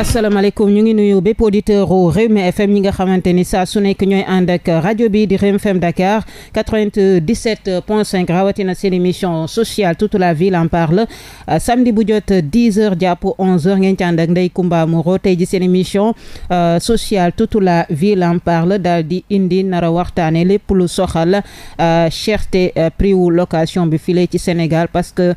asalaamaaleykum ñu ngi nuyu bépp auditeur u Rewmi FM ñi nga xamante ni saa su nekk ñooy ànd ak rajo bi di Rewmi FM Dakar 97 point 5 rawatina seen émission sociale toute la ville en parle euh, samedi bu jot 10 heures jàpp 11 heures ngeen ci ànd ak Ndeye Comba Moreau tey ji seen émission euh, sociale toute la ville en parle daal di indi nar a waxtaane lépp lu soxal euh, cherté prix wu location bi file ci Sénégal parce que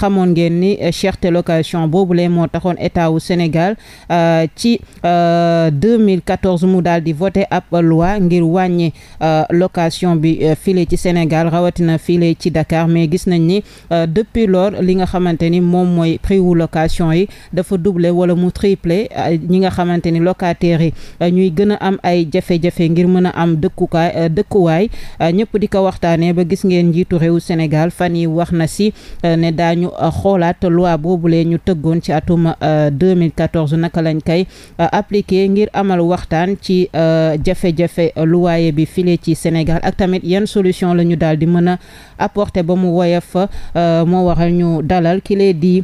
xamoon ngeen ni cherté location boobule moo taxoon état wu Sénégal Euh, ci 2014 euh, mu daal di voté ab loi ngir wàññi euh, location bi file ci Sénégal rawatina file ci Dakar mais gis nañ ni depuis lors li nga xamante ni moom mooy prix wu location yi dafa doublé wala mu triplé ñi nga xamante ni locataires yi ñuy gën a am ay jafe-jafe ngir mën a am dëkkukaay dëkkuwaay ñëpp di ko waxtaanee ba gis ngeen njiitu réewu Sénégal fan yi wax na si ne daañu xoolaat loi boobule ñu tëggoon ci atum 2014 naka naka lañ koy euh, appliquer ngir amal waxtaan ci euh, jafe-jafe luwaaye bi file ci Sénégal ak tamit yan solution la ñu daal di mën a apporter ba mu woyof euh, moo waral ñu dalal ki di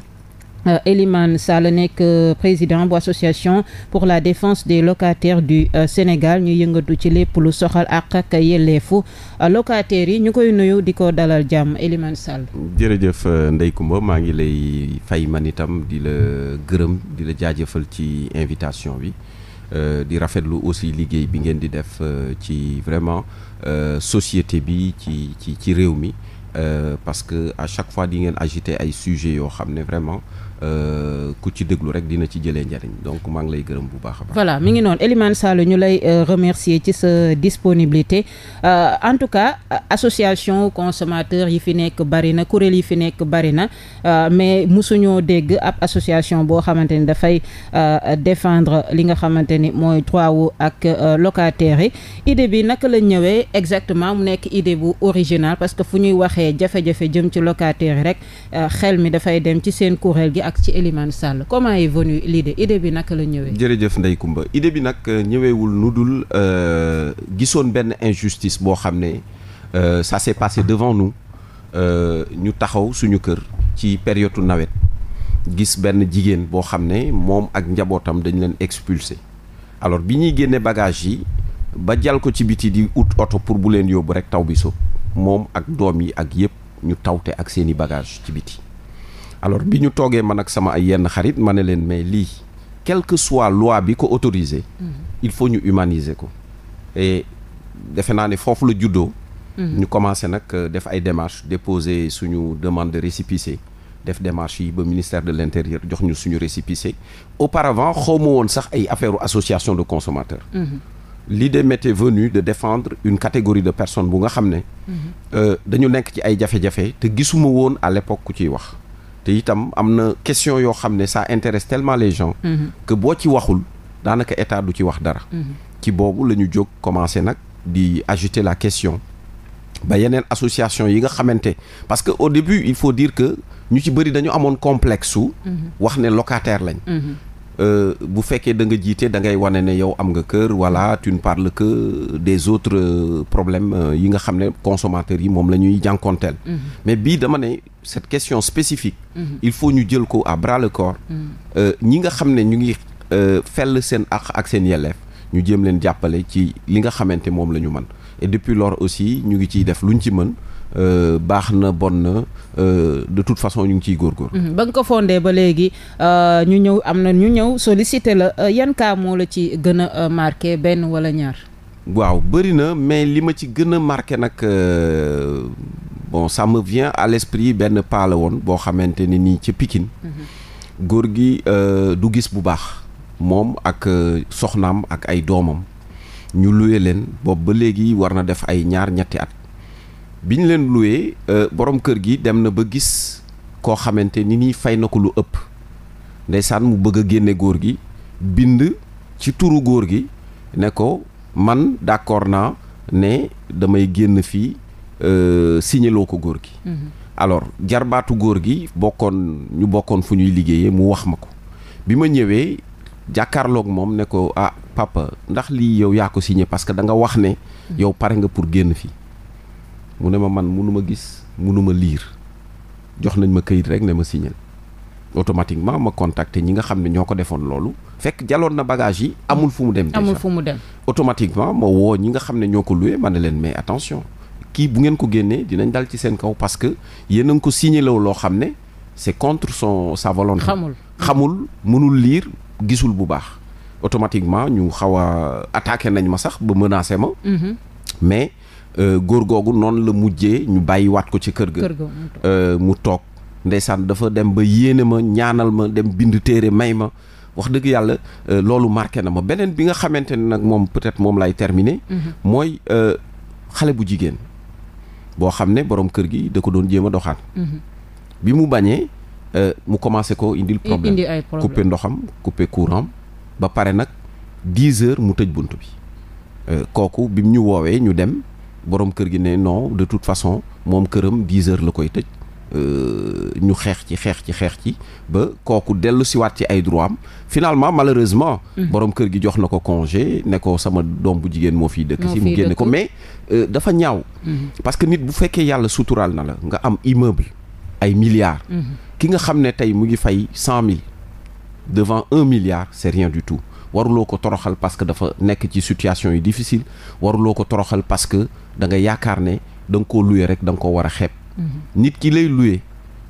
Euh, Elimane Sall nekk euh, président bu association pour la défense des locataires du euh, Sénégal ñu yëngatu ci lépp lu soxal àq ak yelleefu locataires yi ñu koy nuyu di ko dalal jàmm Elimane Sall. jërëjëf ndey Comba maa ngi lay fay man itam di la gërëm di la jaajëfal ci invitation bi. Euh, di rafetlu aussi liggéey bi ngeen di def euh, ci vraiment euh, société bi ci ci ci réew mi parce que à chaque fois di ngeen agité ay sujets yoo xam ne vraiment Euh, ku ci déglu rek dina ci jëlee njariñ donc maa ngi lay gërëm bu baax a voilà mi ngi noonu Elimane ñu lay euh, remercier ci sa disponibilité euh, en tout cas association consommateur yi fi nekk bari na kuréel yi fi nekk bari na mais mosuñoo dégg ab association boo xamante ni dafay défendre li nga xamante ni mooy droit wu ak locataires yi idée bi naka la ñëwee exactement mu nekk idée bu original parce que fu ñuy waxee jafe-jafe jëm ci locataires yi rek xel mi dafay dem ci seen kuréel gi. ak ci Elimane Sall comment est venue l'idée idée bi naka la ñëwee. jërëjëf Ndeye Kumba idée bi nag euh, ñëweewul nu dul euh, gisoon benn injustice boo xam ne euh, ça s'est passé devant nous ñu taxaw suñu kër ci période nawet gis benn jigéen boo xam ne moom ak njabootam dañ leen expulsé alors bi ñuy génne bagage yi ba jal ko ci biti di ut oto pour bu leen yóbbu rek taw bi so moom ak doom yi ak yëpp ñu tawte ak seeni bagage ci biti alors bi ñu toogee man ak sama ay yenn xarit ma ne leen mais lii quelle que soit loi bi ko autorisé mm-hmm. il faut ñu humaniser ko et defe naa ne foofu la juddoo mm-hmm. ñu commencé nag euh, def ay démarches déposer suñu demande de def démarche yi ba ministère de l'intérieur jox ñu suñu récépissé auparavant ma woon sax ay affaire association de consommateurs mm-hmm. l'idée m'était venue de défendre une catégorie de personnes bu nga xam ne euh, dañu nekk ci ay jafe-jafe te gisuma woon à ku ciy wax te itam am na question yoo xam ne ça intéresse tellement les gens mm-hmm. que boo ci waxul daanaka état du ci wax dara mm-hmm. ci boobu la ñu jóg commencé nag di agiter la question ba yeneen association yi nga xamante parce que au début il faut dire que ñu ci bëri dañu amoon complexe su mm-hmm. wax ne locataire lañ Euh, bu fekkee da nga jiite da ngay wane ne yow am nga kër voilà tu ne parles que des autres euh, problèmes euh, yi nga xam ne consommateurs yi moom la ñuy jànkonteel mhm. mais bii dama ne cette question spécifique mhm. il faut ñu jël ko à bras le corps mhm. ñi nga xam ne ñu ngi fel seen àq ak seen yelleef ñu jéem leen jàppale ci li nga xamante moom la ñu mën et depuis lors aussi ñu ngi ciy def lu luñ ci mën Euh, baax na bon na euh, de toute façon ñu ngi ciy góorgóor mhm. ba nga ko fondé ba léegi euh, ñu ñëw am na ñu ñëw sollicité la yan cas moo la ci gën a marqué benn wala ñaar. waaw bëri na mais li ma ci gën a marqué nag bon ça me vient à l'esprit benn paa la woon boo xamante ni nii ci Pikine. Mhm. góor gi du gis bu baax. moom ak soxnaam ak ay doomam ñu luye leen boobu ba léegi war na def ay ñaar ñetti at bi ñu leen loué euh, borom kër gi dem na ba gis koo xamante ni nii fay na ko lu ëpp ndeysaan mu bëgg a génne góor gi bind ci turu góor gi ne ko man d'accord naa ne damay génn fii euh, signéloo ko góor gi mhm. alors jarbaatu góor gi bokkoon ñu bokkoon fu ñuy liggéeyee mu wax ma ko bi ma ñëwee jàkkaarloog moom ne ko ah papa ndax lii yow yaa ko signé parce que da nga wax ne mhm. yow pare nga pour génn fii mu ne ma man ma gis mënuma liir jox nañ ma këyit rek ne ma signé automatiquement ma contacté ñi nga xam ne ñoo ko defoon loolu. fekk jaloon na bagage yi amul fu mu dem. amul fu mu dem automatiquement ma woo ñi nga xam ne ñoo ko loué ma ne leen mais attention kii bu ngeen ko génnee dinañ dal ci seen kaw parce que yéen a ngi ko signé law loo xam ne c' contre son sa volonté. xamul xamul mënul lire gisul bu baax. automatiquement ñu xaw a attaqué nañ ma sax ba menacé ma. Mm-hmm. Euh, góor googu noonu la mujjee ñu bàyyiwaat ko ci kër ga euh, mu toog ndeysaan dafa dem ba yéene ma ñaanal ma dem bind téere may ma wax dëgg yàlla euh, loolu marqué na ma beneen bi nga xamante ne nag moom peut-être moom lay terminer mhm. mooy xale bu jigéen boo xam ne boroom kër gi da ko doon jéem a doxaan mhm. bi mu bañee mu commencé ko indil problème coupé ndoxam coupé courant ba pare nag dix heures mu tëj bunt bi kooku bi ñu woowee ñu dem borom kër gi ne non de toute façon moom këram 10 heures la koy tëj euh, ñu xeex ci xeex ci xeex ci ba kooku dellu siwaat ci ay droit am finalement malheureusement borom kër gi jox na ko congé ne ko sama doom bu jigéen moo fiy dëkk si mu génne ko mais euh, dafa ñaaw parce que nit bu fekkee yàlla suturaal na la nga am immeuble ay milliards ki nga xam ne tey mu ngi fay cent mille devant un milliard c'est rien du tout waruloo ko toroxal parce que dafa nekk ci situation yu difficile waruloo ko toroxal parce que da nga yaakaar ne da nga luye rek da nga ko war a xeeb mhm. nit ki lay luye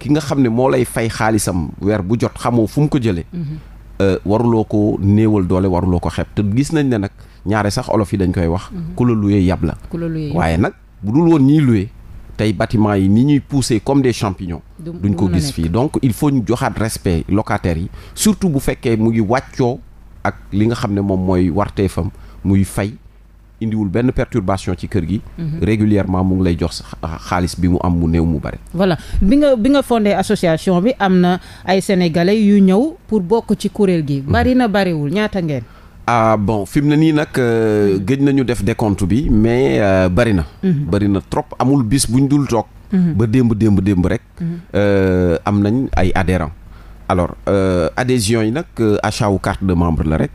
ki nga xam ne moo lay fay xaalisam weer bu jot xamoo fu mu ko jëlee mhm. euh, waruloo ko néewal doole waruloo ko xeeb te gis nañ ne nag ñaare sax olof yi dañ koy wax mhm. ku la luye yab la waaye nag bu dul woon ñiy luye tey bâtiment yi ni ñuy pousser comme des champignons duñ ko gis fii donc il faut ñu joxaat respect locataires yi surtout bu fekkee mu ngi wàccoo ak li nga xam ne moom mooy warteefam muy fay indiwul benn perturbation ci kër gi. Mhm. régulièrement mu ngi lay jox xaalis bi mu am mu néew mu bare. voilà bi nga bi nga fondé association bi am na ay sénégale yu ñëw pour bokk ci kuréel gi. Mhm. bari na bariwul ñaata ngeen. ah bon fi mu ne nii nag euh, mhm. gëj nañu def décompte bi mais euh, bari na. bari na trop amul bis buñ dul toog. ba démb démb démb rek. Euh, am nañ ay adhérents. alors euh, adhésion yi nag euh, achat wu de membre la rek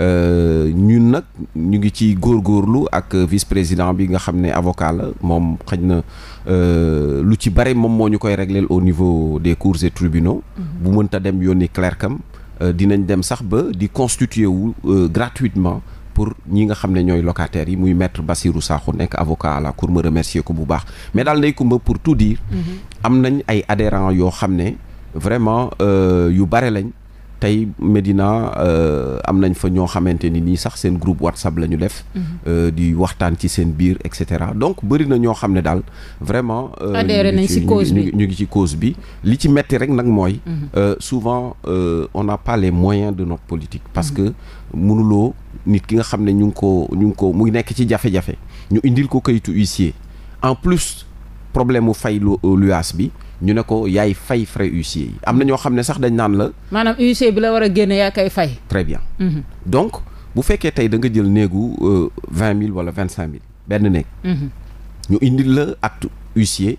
euh, ñun nag ñu ngi ci góor góorgóorlu ak vice président bi nga xam ne avocat la moom xëj na euh, lu ci bari moom moo ñu koy régler au niveau des cours et tribunaux mhm. bu mënta dem yónni clercam dinañ dem sax ba di constituer wu gratuitement pour ñi nga xam ne ñooy locataires yi muy maître bassiru Sakho nekk avocat à la cour ma remercier ko bu baax mais daal ndey kumba pour tout dire mhm. am nañ ay adhérents yoo xam ne vraiment euh, yu bare lañ tey Medina euh, am nañ fa ñoo xamante ni nii sax seen groupe WhatsApp la ñu def. Mhm. Euh, di waxtaan ci seen biir et cetera donc bëri na ñoo xam ne daal vraiment. adhéré nañ ci ñu ngi ci cause bi. li ci metti rek nag mooy. Mhm. souvent on n'a pas moyen de notre politique. parce que mhm. mënuloo nit ki nga xam ne ñu ngi ko ñu ngi ko mu nekk ci jafe-jafe. ñu indil ko kayitu huissier en plus. problème mu fay lu euh, luwaas bi ñu ne ko yaay fay frais huissier yi am na ñoo xam ne sax dañ naan la. maanaam huissier bi la war a génne yaa koy fay. très bien mmh. donc bu fekkee tey da nga jël néegu euh, vingt mille wala vingt cinq mille benn néeg. Mhm. ñu indi la acte huissier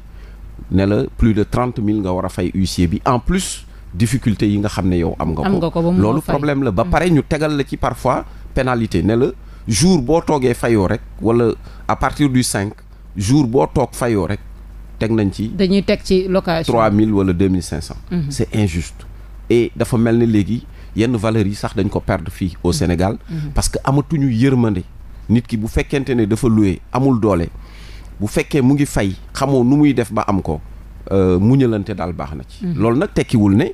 ne la plus de trente mille nga war a fay huissier bi en plus difficulté yi nga xam ne yow am nga ko loolu problème la ba mhm. pare ñu tegal la ci parfois pénalité ne la jour boo toogee fayoo rek wala à partir du cinq jour boo toog fayoo rek teg nañ ci. dañuy teg ci location 3000 wala 2500. c' est injuste. et dafa mel ne léegi yenn valeurs yi sax dañ ko perdre fii au mhm. Sénégal. Mhm. parce que amatuñu yërmande. nit ki bu fekkente ne dafa loué amul doole bu fekkee mu ngi fay xamoo nu muy def ba am ko euh, muñalante daal baax na ci. Mhm. loolu nag tekkiwul ne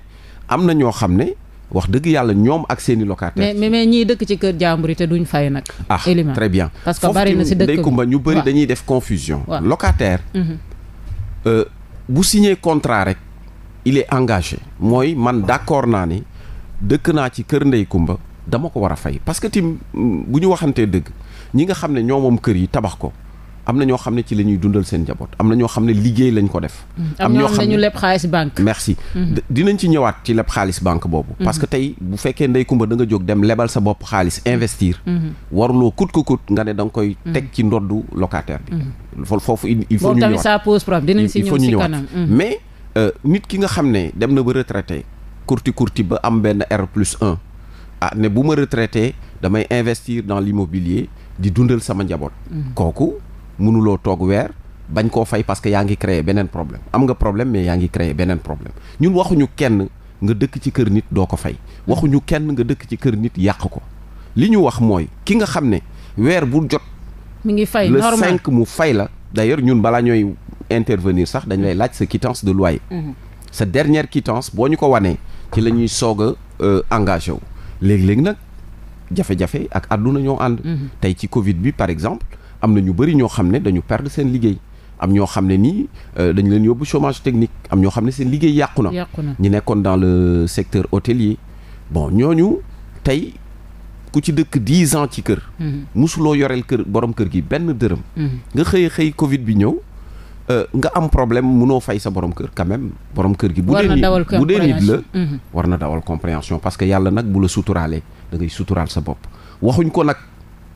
am na ñoo xam ne. wax dëgg yàlla ñoom ak seeni locataire mais mais ñiy dëkk ci kër jàmbur yi te duñ fay nag. ah très bien parce que bari na si dëkk bi ñu bëri dañuy def confusion. locataire. Euh, bu signé contrat rek il est mooy man d'accord naa ni dëkk naa ci kër Ndey Kumba dama ko war a fay parce que tim mm, bu ñu waxantee dëgg ñi nga xam ne ñoo kër yi tabax ko am na ñoo xam ne ci la ñuy dundal seen njaboot am na ñoo xam ne liggéey lañ ko def. Mm. am ñoo xam ne ñu leb xaalis banque. merci mm-hmm. dinañ ci ñëwaat ci leb xaalis banque boobu. Mm-hmm. parce que tey bu fekkee ndey kumba danga nga jóg dem lebal sa bopp xaalis investir. Mm-hmm. waruloo kut ko kut nga ne da nga koy. teg ci ndoddu locataire bi. foofu il faut ñu ñëwaat boobu tamit mais euh, nit ki nga xam ne dem na ba retraité kurti kurti ba am benn R plus 1 ah ne bu ma retraité damay investir dans l'immobilier di dundal sama njaboot. kooku. mënuloo toog weer bañ koo fay parce que yaa ngi créer beneen problème am nga problème mais yaa ngi créer beneen problème ñun waxuñu kenn nga dëkk ci kër nit doo ko fay waxuñu kenn nga dëkk ci kër nit yàq ko li ñu wax mooy ki nga xam ne weer bu jot mi ngi fay le cinq mu fay la d'ailleurs ñun balaa ñooy intervenir sax dañu lay laaj sa quittance de loyer mhm. sa dernière quittance boo ñu ko wanee ci la ñuy soog a euh, engagé wu léegi-léegi nag jafe-jafe ak àdduna ñoo ànd mhm. tey ci Covid bi par exemple am na ñu bëri ñoo xam ne dañu perdre seen liggéey am ñoo xam ne nii euh, dañu leen yóbbu chômage technique am ñoo xam ne seen liggéey yàqu na ñi nekkoon dans le secteur hôtelier bon ñoo ñu tey ku ci dëkk dix ans ci kër mm-hmm. musuloo yoreel kër borom kër gi benn dërëm mm-hmm. nga xëy xëy covid bi ñëw euh, nga am problème munoo fay sa borom kër quand même borom kër gi bu dee nit bu dee nit la mm-hmm. war na dawal compréhension parce que yàlla nag bu la suturaalee da ngay suturaal sa bopp waxuñ ko nag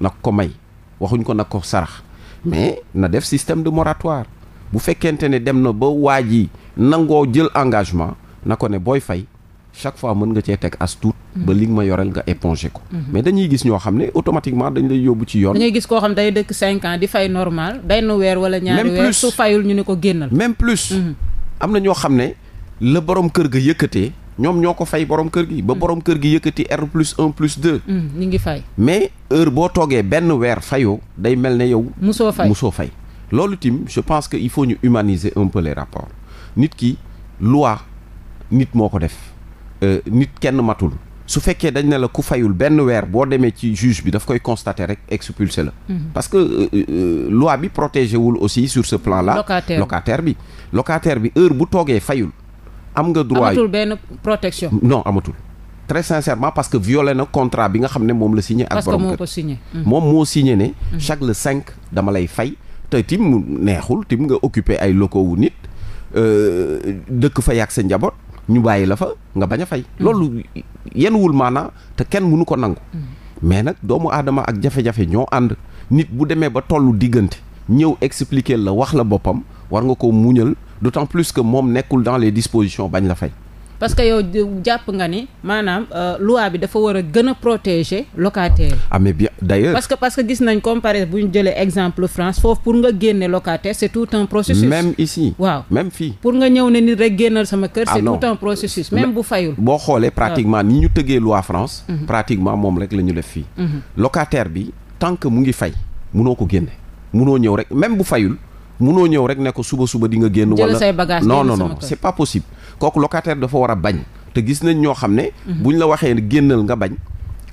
nag ko may waxuñ ko nag ko sarax mais na def système de moratoire bu fekkente ne dem na ba waa ji nangoo jël engagement na ko ne booy fay chaque fois mën nga cee teg as tuut ba li nga ma yoreel nga éponger ko. Mhm. mais dañuy gis ñoo xam ne automatiquement dañu lay yóbbu ci yoon. dañuy gis koo xam day dëkk 5 ans di fay normal day nu weer wala ñaari weer su fayul ñu ne ko génnal. même plus. Mhm. am na ñoo xam ne la borom kër ga yëkkatee. ñoom ñoo ko fay borom kër gi. ba mm. borom kër gi yëkkati R plus 1 plus 2. Mm, ñu ngi fay. mais heure boo toogee benn weer fayoo day mel ne yow. musoo fay musoo fay. loolu tim je pense que il faut ñu humaniser un peu les nit ki loi nit moo ko def euh, nit kenn matul. su fekkee dañ ne la ku fayul benn weer boo demee ci juge bi daf koy constater rek expulser la. Mm-hmm. parce que euh, euh, euh bi protégé wul aussi sur ce plan là. locataire bi locataire bi heure bu toogee fayul. am nga droit amatul benn protection. non amatul très sincèrement parce que violé na contrat bi nga xam ne moom la signé. ak borom kër parce mm. moom moo signé ne. Mm-hmm. chaque le cinq dama lay fay. te tim neexul tim nga occupé ay locaux wu nit euh, dëkk fa yàgg sa njaboot ñu bàyyi la fa nga bañ a fay. Mm. loolu yenn wul maanaa te kenn mënu ko nangu. Mm. mais nag doomu aadama ak jafe-jafe ñoo ànd nit bu demee ba tollu diggante ñëw expliquer la wax la boppam war nga ko muñal. d'autant plus que moom nekkul dans les dispositions bañ la fay. parce que yow jàpp nga ni maanaam euh, loi bi dafa war a gën a protéger locataire ah mais bien parce que parce que gis nañ comparé bu ñu jëlee exemple France foofu pour nga génne locataire c'est tout un processus même ici waaw même fii pour nga ñëw ne nit rek génnal sama kër ah, c'est tout un processus même bu fayul boo xoolee pratiquement ni ñu tëggee loi France mhm. pratiquement moom rek la ñu def fii mhm. locataire bi tant que mu ngi fay munoo ko génne munoo ñëw rek même bu fayul munoo ñëw rek ne ko suba suba di nga génn. wala non non non c'est pas possible. kooku locataire dafa war a bañ te gis nañ ñoo xam ne. Mhm. buñ la waxee génnal nga bañ.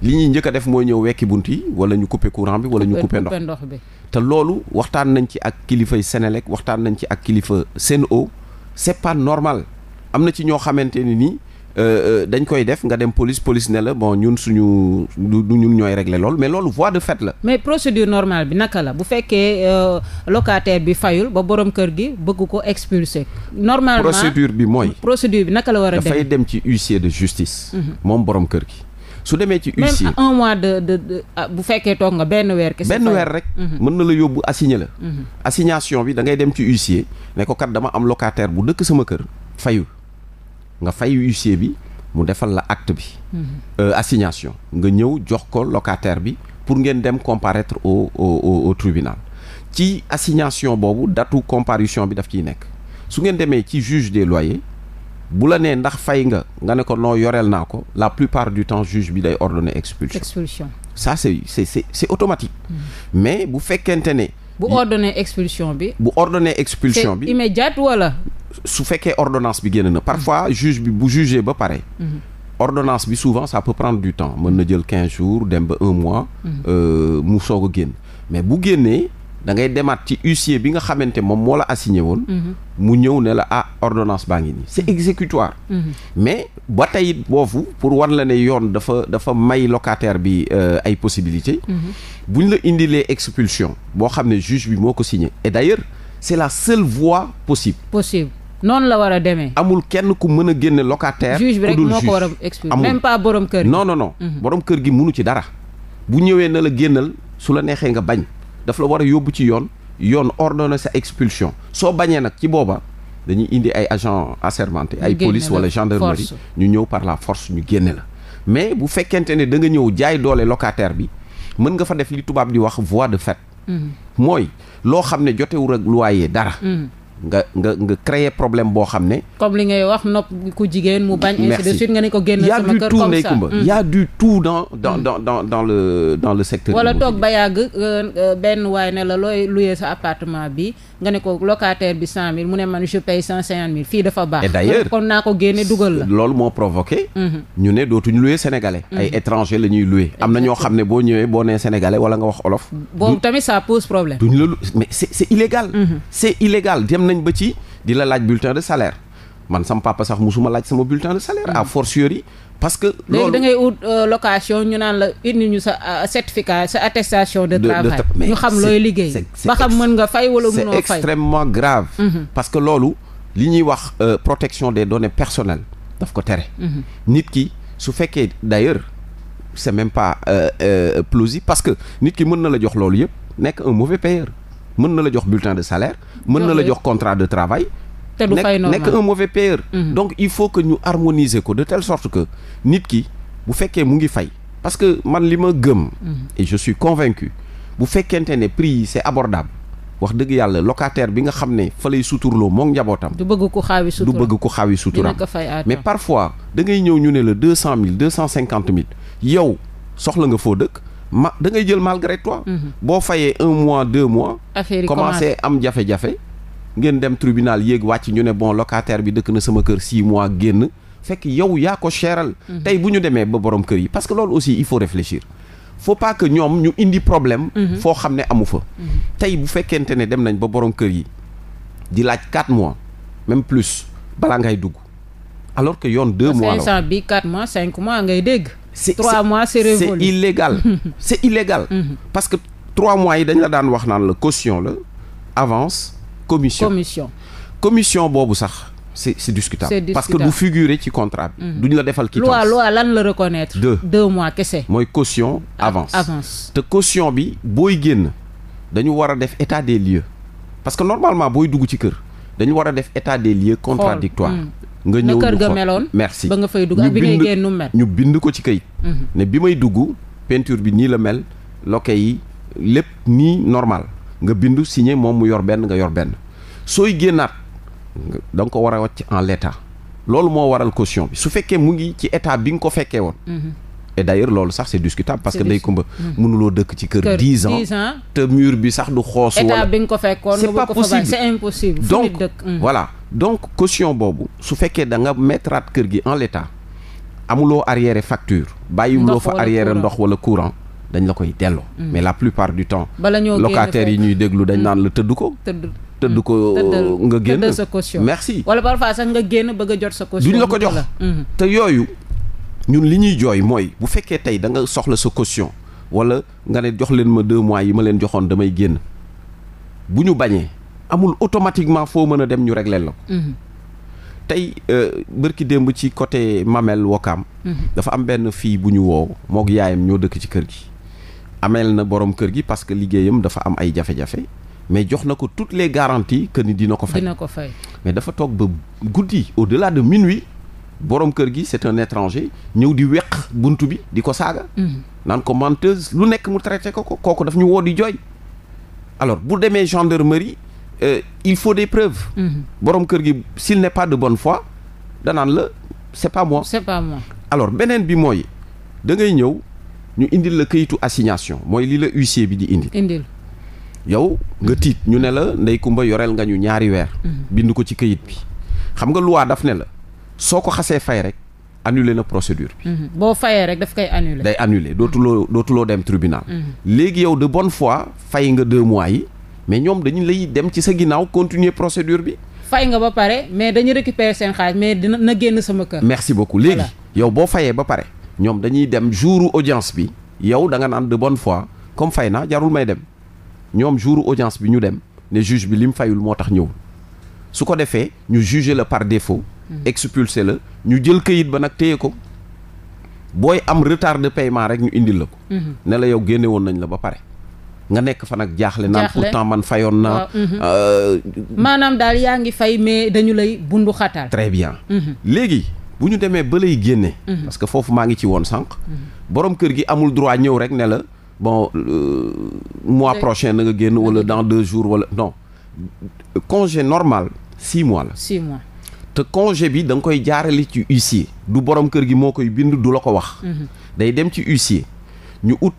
li ñuy njëkka def mooy ñëw wekki bunt yi wala ñu couper courant bi wala ñu couper ndox bi te loolu waxtaan nañ ci ak kilifay Senelec waxtaan nañ ci ak kilifa Sen'Eau c'est pas normal am na ci ñoo xamante ni nii Euh, euh, dañ koy def nga dem police police ne la bon ñun suñu du ñun ñooy régler loolu mais loolu voie de fait la. mais procédure normale bi naka la bu fekkee euh, locataire bi fayul ba borom kër gi bëgg ko expulser. normalement procédure bi mooy. procédure bi naka la war a dem dem ci usier de justice. Mhm. moom borom kër gi. su demee ci huissier même mois de de ah, bu fekkee toog nga benn weer. kese benn weer rek. Mhm. mën na la yóbbu assigné la. Mhm. assignation bi da ngay dem ci huissier ne ko kat dama am locataire bu dëkk sama kër fayu nga fay huissier bi mu defal la acte bi. Mhm. Euh, assignation nga ñëw jox ko locataire bi pour ngeen dem comparaître au au tribunal ci assignation boobu datu comparution bi daf ciy nekk su ngeen demee ci juge des loyers. bu la nee ndax fay nga nga ne ko noo yoreel naa ko la plupart du temps juge bi day ordonner expulsion. expulsion ça c'est c'est c'est c'est automatique. Mhm. mais bu fekkente ne. bu ordonner expulsion bi. bu ordonner expulsion bi c'est immédiate wala. su fekkee ordonance bi génn na parfois mhm. juge bi bu jugee ba pare. Mhm. ordonnance bi souvent ça peut prendre du temps mën na jël quinze jours dem ba un mois. Mhm. Euh, mu soog a génn mais bu génnee dangay demaat ci huissier bi nga xamante moom moo la assigné woon. mu ñëw ne la ah ordonnance baa ngi nii c'est exécutoire. mais ba tey boofu pour wan la ne yoon dafa dafa may locataire bi euh, ay possibilités. buñ la indilee expulsion boo xam ne juge bi moo ko signé et d'ailleurs la seule voie possible. possible. noonu la war a demee. amul kenn ku mën a génne locataire. juge bi rek moo ko war a expliquer même pas borom kër gi. non non non mhm. borom kër gi munu ci dara. bu ñëwee na la génnal su la neexee nga bañ daf la war a yóbbu ci yoon yoon ordonné sa expulsion soo bañee nag ci booba dañuy indi ay agent assermenté ay police wala gendarmerie ñu ñëw par la force ñu génne la mais bu fekkente ne da nga ñëw jaay doole locataire bi mën nga fa def li tubaab di wax voie de fait mhm. mooy loo xam ne jotewul ak loyer dara mhm. nga nga nga créer problème boo xam ne. comme li ngay wax nopp ku jigéen mu bañ. ainsi de suite nga ne ko génn sama kër comme ça y' a du tout dans dans dans dans dans le dans le secteur. wala toog ba yàgg euh, euh, benn waay ne la looy louer sa appartement bi. nga ne ko locataire bi cent mille mu ne man je paye cent cinquante mille fii dafa baax. et d'ailleurs kon naa ko génne dugal la. loolu moo provoqué. Mhm. ñu ne dootuñu loué sénégalais. Mhm. ay étranger la ñuy loué. am na ñoo xam ne boo ñëwee boo nee sénégalais wala nga wax olof. boobu tamit ça pose problème. duñu la mais c'est c'est illégal. Mhm. c'est illégal dem nañ ba ci di la laaj bulletin de salaire man sam papa sax musuma laaj sama bulletin de salaire. à fortiori yi parce que léegi da ut euh, location ñu naan la indi ñu sa euh, certificat sa attestation de travail ñu xam looy liggéey ba xam mën nga fay wala mënoo fay c'est extrêmement mhm. parce que loolu li ñuy wax euh, protection des données personnelles daf ko tere mhm. nit ki su fekkee d'ailleurs c'est même pas plausible parce que nit ki mën na la jox loolu yëpp nekk un mauvais payeur mën na la jox bulletin de salaire mën na la jox contrat de travail te du fay normal nekk un mauvais payeur. Mhm. donc il faut que ñu harmoniser ko de telle sorte que nit ki bu fekkee mu ngi fay parce que man li ma gëm. Mhm. et je suis bu fekkente ne prix yi c'est abordable. wax dëgg yàlla locataire bi nga xam ne fa lay suturloo moom njabootam. du bëgg ku xaawi suturam bëgg ku xaawi suturam mais parfois da ngay ñëw ñu ne la deux cent mille deux cent cinquante mille yow soxla nga foo dëkk ma da ngay jël malgré mhm. boo fayee un mois deux mois. affaire yi commencé am jafe-jafe. ngeen dem tribunal yéeg wàcc ñu ne bon locataire bi dëkk na sama kër 6 mois génn fekk yow yaa ko cheral mhm. tey bu ñu demee ba borom kër yi parce que loolu aussi il faut réfléchir faut pas ñoom ñu indi problème mhm. foo xam ne amu fa mhm. tey bu fekkente ne dem nañ ba borom kër yi di laaj 4 mois même plus balaa ngay dugg alors que yoon 2 mois la bi 4 mois 5 mois ngay dégg 3 mois c'est révolu illégal c'est illégal parce que 3 mois yi dañ la daan wax naan la caution la avance commission commission commission boobu sax c'est c'est discutable parce que du figurer ci contrat bi mhm. la defal quittance loi loi lan la reconnaître deux deux mois kese mooy caution avance te caution bi booy génn dañu war a def état des lieux parce que normalement booy dugg ci kër dañu war a def état des lieux contradictoire hmm. nga ñëw kër ga meloon merci ba nga fay dugg ak ah, bi ngay génn nu mel ñu bind ko ci kayit hmm. ne bi may dugg peinture bi nii la mel loke yi lépp nii normal nga bindu signe moom mu yor benn nga yor benn sooy génnaat da nga ko war a wàcc en l'état loolu moo waral caution bi su fekkee mu ngi ci état bi nga ko fekkee woon mhm. et d'ailleurs loolu sax c'est discutable parce que day Comba mhm. mënuloo dëkk ci kër dix ans te mur bi sax du xoosu wala état nga ko fekkoon c'est pas possible c'est impossible donc mhm. voilà donc caution boobu su fekkee da nga mettraat kër gi en l'état amuloo arrière facture bàyyiwuloo fa arrière ndox wala courant dañ la koy delloo. Mm. mais la plupart du temps. bala ñoo locataires yi ñuy déglu dañ naan la tëdd ko. tëdd tëdd ko mm. nga génn sa caution. merci wala parfois sax nga génn bëgg a jot sa caution. duñ la ko jox mm. te yooyu ñun li ñuy jooy mooy bu fekkee tey da nga soxla sa caution wala nga ne jox leen ma deux mois yi ma leen joxoon damay génn bu ñu bañee amul automatiquement foo mën a dem ñu régler la ko. tey euh, bërki démb ci côté Mamel Wokam. dafa am benn fii bu ñu woo moog yaayam ñoo dëkk ci kër gi. ameel na borom kër gi parce que liggéeyam dafa am ay jafe-jafe mais jox na ko toutes les garanties que ni dina ko fay dina ko fay mais dafa toog ba guddi au delà de minuit borom kër gi c'est un étranger ñëw di weq buntu bi di ko saaga mm-hmm. naan ko menteuse lu nekk mu traité ko ko kooku daf ñu woo di jooy alors bu demee gendarmerie euh, il faut des preuves mm-hmm. borom kër gi s'il n'est de bonne fois danaan la c'est pas moi c'est pas moi alors beneen bi mooy da ngay ñëw ñu indil la këyitu assignation mooy lii la huissier bi di indi. indil yow nga tiit ñu ne la ndey kumba yoreel nga ñu ñaari weer. Mhm. bind ko ci këyit bi xam nga loi daf ne la soo ko xasee fay rek annulé na procédure bi. Mhm. boo fayee rek daf koy annulé. day annulé dootuloo dootuloo dem tribunal. Mhm. léegi yow de bonne foi fay nga deux mois yi mais ñoom dañu lay dem ci sa ginnaaw continuer procédure bi. fay nga ba pare mais dañu récupérer seen xaalis mais dina na génn sama kër. merci beaucoup yow fayee ba pare. ñoom dañuy dem jouru audience bi yow da nga naan de bonne fois comme fay na jarul may dem ñoom jouru audience bi ñu dem ne juge bi li fayul moo tax ñëwul su ko defee ñu juger la par défaut hmm. expulser la ñu jël këyit ba nag téye ko booy am retard de paiement rek ñu indil la ko hmm. ne la yow génne woon nañ la ba pare nga nekk fa nag jaaxle naan pourtant man fayoon na hmm. euh, maanaam daal yaa ngi fay mais dañu lay bundu xataal très bien léegi bu ñu demee ba lay génne. Mhm. parce que foofu maa ngi ci won sànq. Mhm. borom kër gi amul droit ñëw rek ne la bon euh, mois prochain na nga génn wala dans deux jours wala non congé normal six mois la. six te congé bi da nga koy jaarale ci huissier du borom kër gi moo koy bind du la ko wax. Mhm. day dem ci huissier ñu ut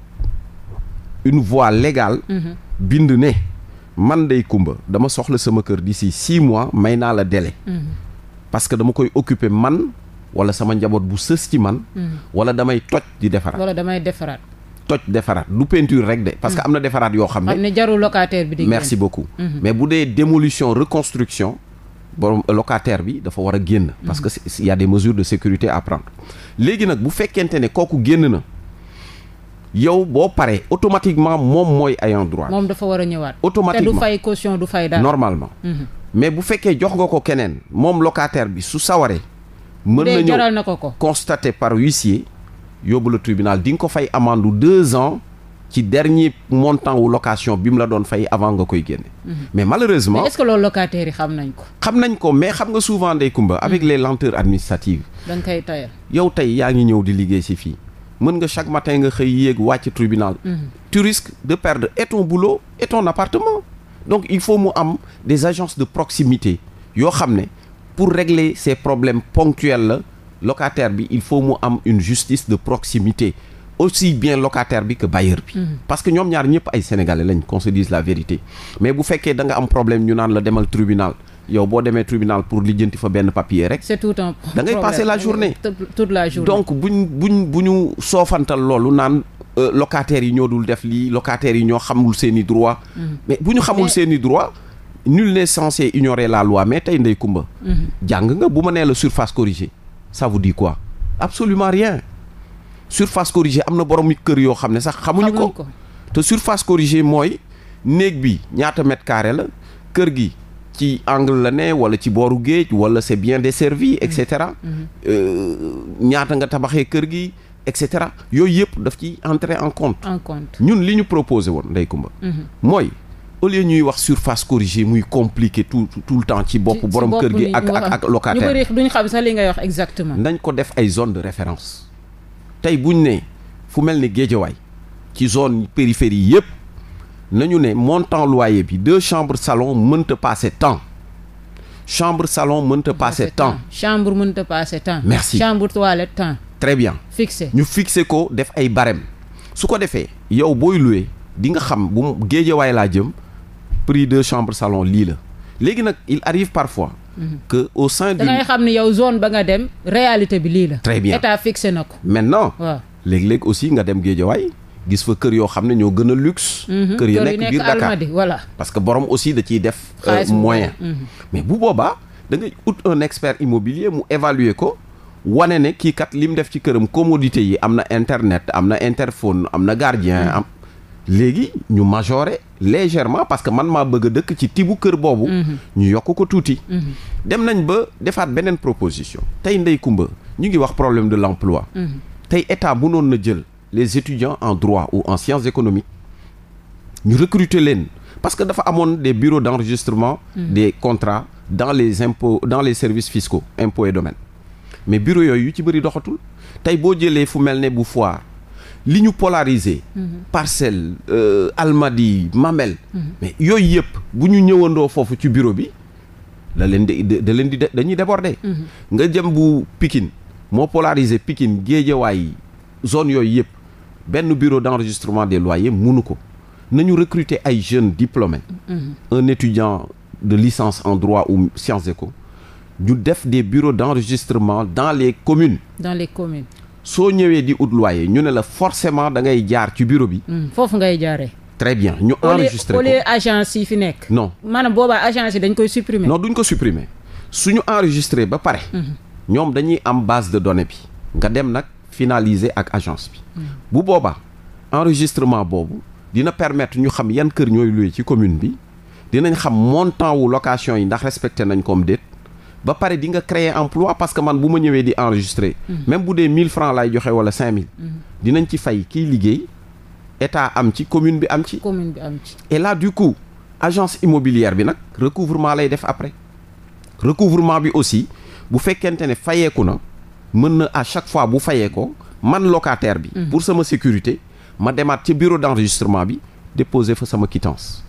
une voie légale. bind ne man day kumba dama soxla sama kër d'ici six mois may naa la délai. parce dama koy occuper man. wala sama njaboot bu sës ci man. Hmm. wala damay toj di defaraat. wala damay defaraat. toj defaraat du peinture rek de. parce que hmm. am na defaraat yoo xam ne. am na jarul locataire bi merci beaucoup. Hmm. mais bu dee démolition reconstruction. borom euh, locataire bi dafa war a génn. parce que il y a des de sécurité à léegi nag bu fekkente ne kooku génn na. yow boo paree automatiquement moom mooy ayant droit. moom dafa war a ñëwaat. automatiquement te du fay caution du fay dara. normalement. mais bu fekkee jox nga ko keneen moom locataire bi su sawaree. mën na ñëw constaté par huissier yóbbu la tribunal di nga ko fay amende deux ans ci dernier montant wu location bi mu la doon fay avant nga koy génne. Mhm. mais malheureusement mais est-ce yi xam nañ ko. xam nañ ko mais xam nga souvent Ndeye Comba avec mhm. les lenteurs administratives. koy tayal yow tey yaa ngi ñëw di liggéey si fii. mën nga chaque matin nga xëy yéeg wàcc tribunal. Mhm. tu risques de perdre et ton boulot et ton appartement. donc il faut mu am des agences de proximité yoo xam ne pour régler ces problème ponctuels la locataire bi il faut mu am une justice de proximité aussi bien locataire bi que bailleur bi. Mm-hmm. parce que ñoom ñaar ñëpp ay sénégalais lañ qu'on se dise la vérité mais bu fekkee da nga am problème ñu naan la demal tribunal. yow boo demee tribunal pour lijjanti fa benn papier rek. c'est tout un problème da ngay passer la journée. toute la journée donc buñ buñ bu ñu soofantal loolu naan euh, locataires yi ñoo dul def lii locataires yi ñoo xamul seen i droit. Mm-hmm. mais bu ñu xamul seen i droit. nul n'est censé ignorer la loi mais tey ndey kumba mhm. jàng nga bu ma nee la surface corrigée ça vous quoi absolument rien surface corrigée am na borom kër yoo xam ne sax xamuñu ko te surface corrigée mooy néeg bi ñaata mètre carré la kër gi ci angle la ne wala ci booru géej wala c'est bien desservi et cetera mhm. Mhm. Euh, ñaata nga tabaxee kër gi et cetera yooyu yëpp daf ci entrer en compte ñun li ñu proposé woon ndey kumba mooy au lieu ñuy wax surface corrigée muy compliqué tout tout le temps ci bopp borom kër gi ak ak ak ñu bëri duñ sax li ngay wax exactement. nañ ko def ay zone de référence tey buñ ne fu mel ni Géejawaay ci zone périphérie yëpp nañu ne montant loyer bi deux chambres salon mënta passer temps chambre salon mënta passer temps chambre mënta passer temps merci chambre toilette temps très bien fixé ñu fixé ko def ay barème su ko defee yow booy loué di nga xam bu géejawaay laa jëm prix de chambre salon lii la léegi nag il arrive parfois. Mhm. que au sein du da xam ne yow zone ba nga dem réalité bi lii la. très bien état fixé na ko. maintenant waaw léeg-léeg aussi nga dem Géejawaay gis fa kër yoo xam ne ñoo gën a luxe. Mhm. kër yu nekk biir Dakar voilà. parce que borom aussi da ciy def. Euh, moyen mhm. mais bu boobaa da ngay ut un expert immobilier mu évaluer ko. wane ne kii kat li mu def ci këram commodité yi am na internet am na interphone am na gardien am. léegi ñu majoré légèrement parce que man maa bëgg a dëkk ci tibu kër boobu. Mhm. ñu yokk ko tuuti. Mhm. dem nañ ba defaat beneen proposition. tey ndey Kumba ñu ngi wax problème de l'emploi. Mhm. tey état mënoon na jël les étudiants en droit ou en sciences économiques ñu recruter leen parce que dafa amoon des bureaux d'enregistrement. des contrats dans les impôts dans les services fiscaux impôts et domaines mais bureau yooyu yu ci bëri doxatul tey boo jëlee fu mel ne bu foire li ñu polariser. Mhm. Parcelles euh, Almadies Mamelles. Mhm. mais yooyu yëpp bu ñu ñëwandoo foofu ci bureau bi la leen da leen di dañuy déborder. Mhm. nga jëm bu Pikine moo polariser Pikine Guédiawaye zone yooyu yëpp benn bureau d'enregistrement des loyers mënu ko nañu recruter ay jeunes diplômés. un étudiant de licence en droit ou sciences ko ñu def des bureaux d'enregistrement dans les communes. dans les communes. soo ñëwee di ut loyer ñu ne la forcément da ngay jaar ci bureau bi. Hmm, foofu ngay jaaree. très bien ñu enregistré ko au lieu agence yi fi nekk. non maanaam boobaa agence yi dañ koy supprimer. non duñ ko supprimer suñu enregistré ba pare. Hmm. ñoom dañuy am base de données bi. nga dem nag finaliser ak agence bi. Hmm. bu boobaa enregistrement boobu dina permettre ñu xam yan kër ñooy loué ci commune bi dinañ xam montant wu location yi ndax respecté nañ koom déet. ba pare di nga créer emploi parce que man bu ma ñëwee di enregistrer mhm. même bu dee 1000 francs lay joxe wala 5000. Mhm. dinañ ci fay kiy liggéey état am ci commune bi am ci. commune bi am et là du coup agence immobilière bi nag recouvrement lay def après recouvrement bi aussi bu fekkente ne fayeeku na mën na à chaque fois bu fayee ko man locataire bi. Mhm. pour sama sécurité ma demaat ci bureau d'enregistrement bi déposer fa sama quittance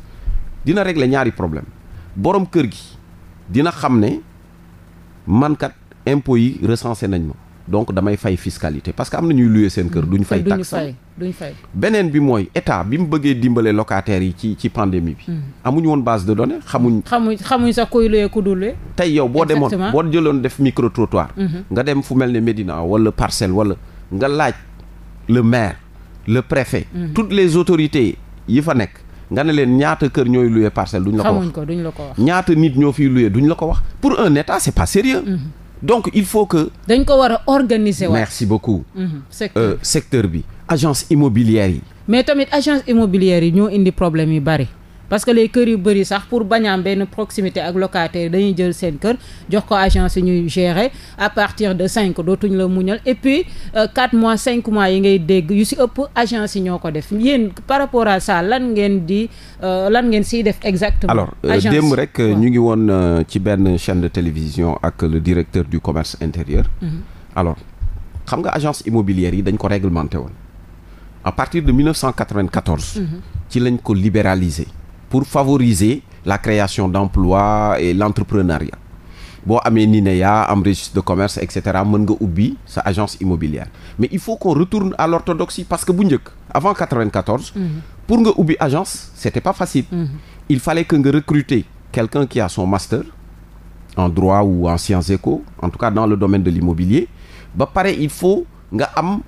dina regle ñaari problème borom kër gi dina xam ne. man kat impôts yi recensé nañ ma donc damay fay fiscalité parce que am na ñuy luye seen kër duñ fay taxe duñ fay beneen bi mooy état bi mu bëggee dimbale locataires yi ci ci pandémie bi hmm. amuñ woon base de données xamuñ hmm. xamuñ xamuñ sax koy luye ku dul tey yow boo demoon boo jëloon def micro trottoir hmm. nga dem fu mel ne Médina wala parcelle walla nga laaj le maire le préfet toutes les autorités yi fa nekk nga ne leen ñaata kër ñooy loué parcelle duñ la ko wax xamuñ la ko wax ñaata nit ñoo fiy loué duñ la ko wax pour un état c'est pas sérieux mm-hmm. donc il faut que dañ ko war a organiser wa merci beaucoup mm-hmm. euh, secteur bi agence immobilière yi mais tamit agence immobilière yi ñoo indi problème yu bari parce que les kër yu bëri sax pour bañ a benn proximité ak locataire dañuy jël seen kër jox ko agence ñuy gérer à partir de cinq dootuñ la muñal et puis euh, quatre mois cinq mois yi ngay dégg yu si ëpp agence yi ñoo ko def yéen par rapport à ça lan ngeen di euh, lan ngeen siy def exactement. alors euh, démb rek ñu ngi woon ci benn chaîne de télévision ak le directeur du commerce intérieur. Mhm. alors xam nga agence immobilière yi dañ ko réglementé woon à partir de 1994. Mhm. ci lañ ko libéraliser. pour favoriser la création d'emplois et l'entrepreneuriat boo amee NINEA am registre de commerce et cetera mën nga ubbi sa agence immobilière mais il faut qu'on retourne à l'orthodoxie parce que bu njëkk avant 94 mm pour nga ubbi agence c'était pas facile mm il fallait que nga recruter quelqu'un qui a son master en droit ou en sciences éco en tout cas dans le domaine de l'immobilier ba pare il faut nga am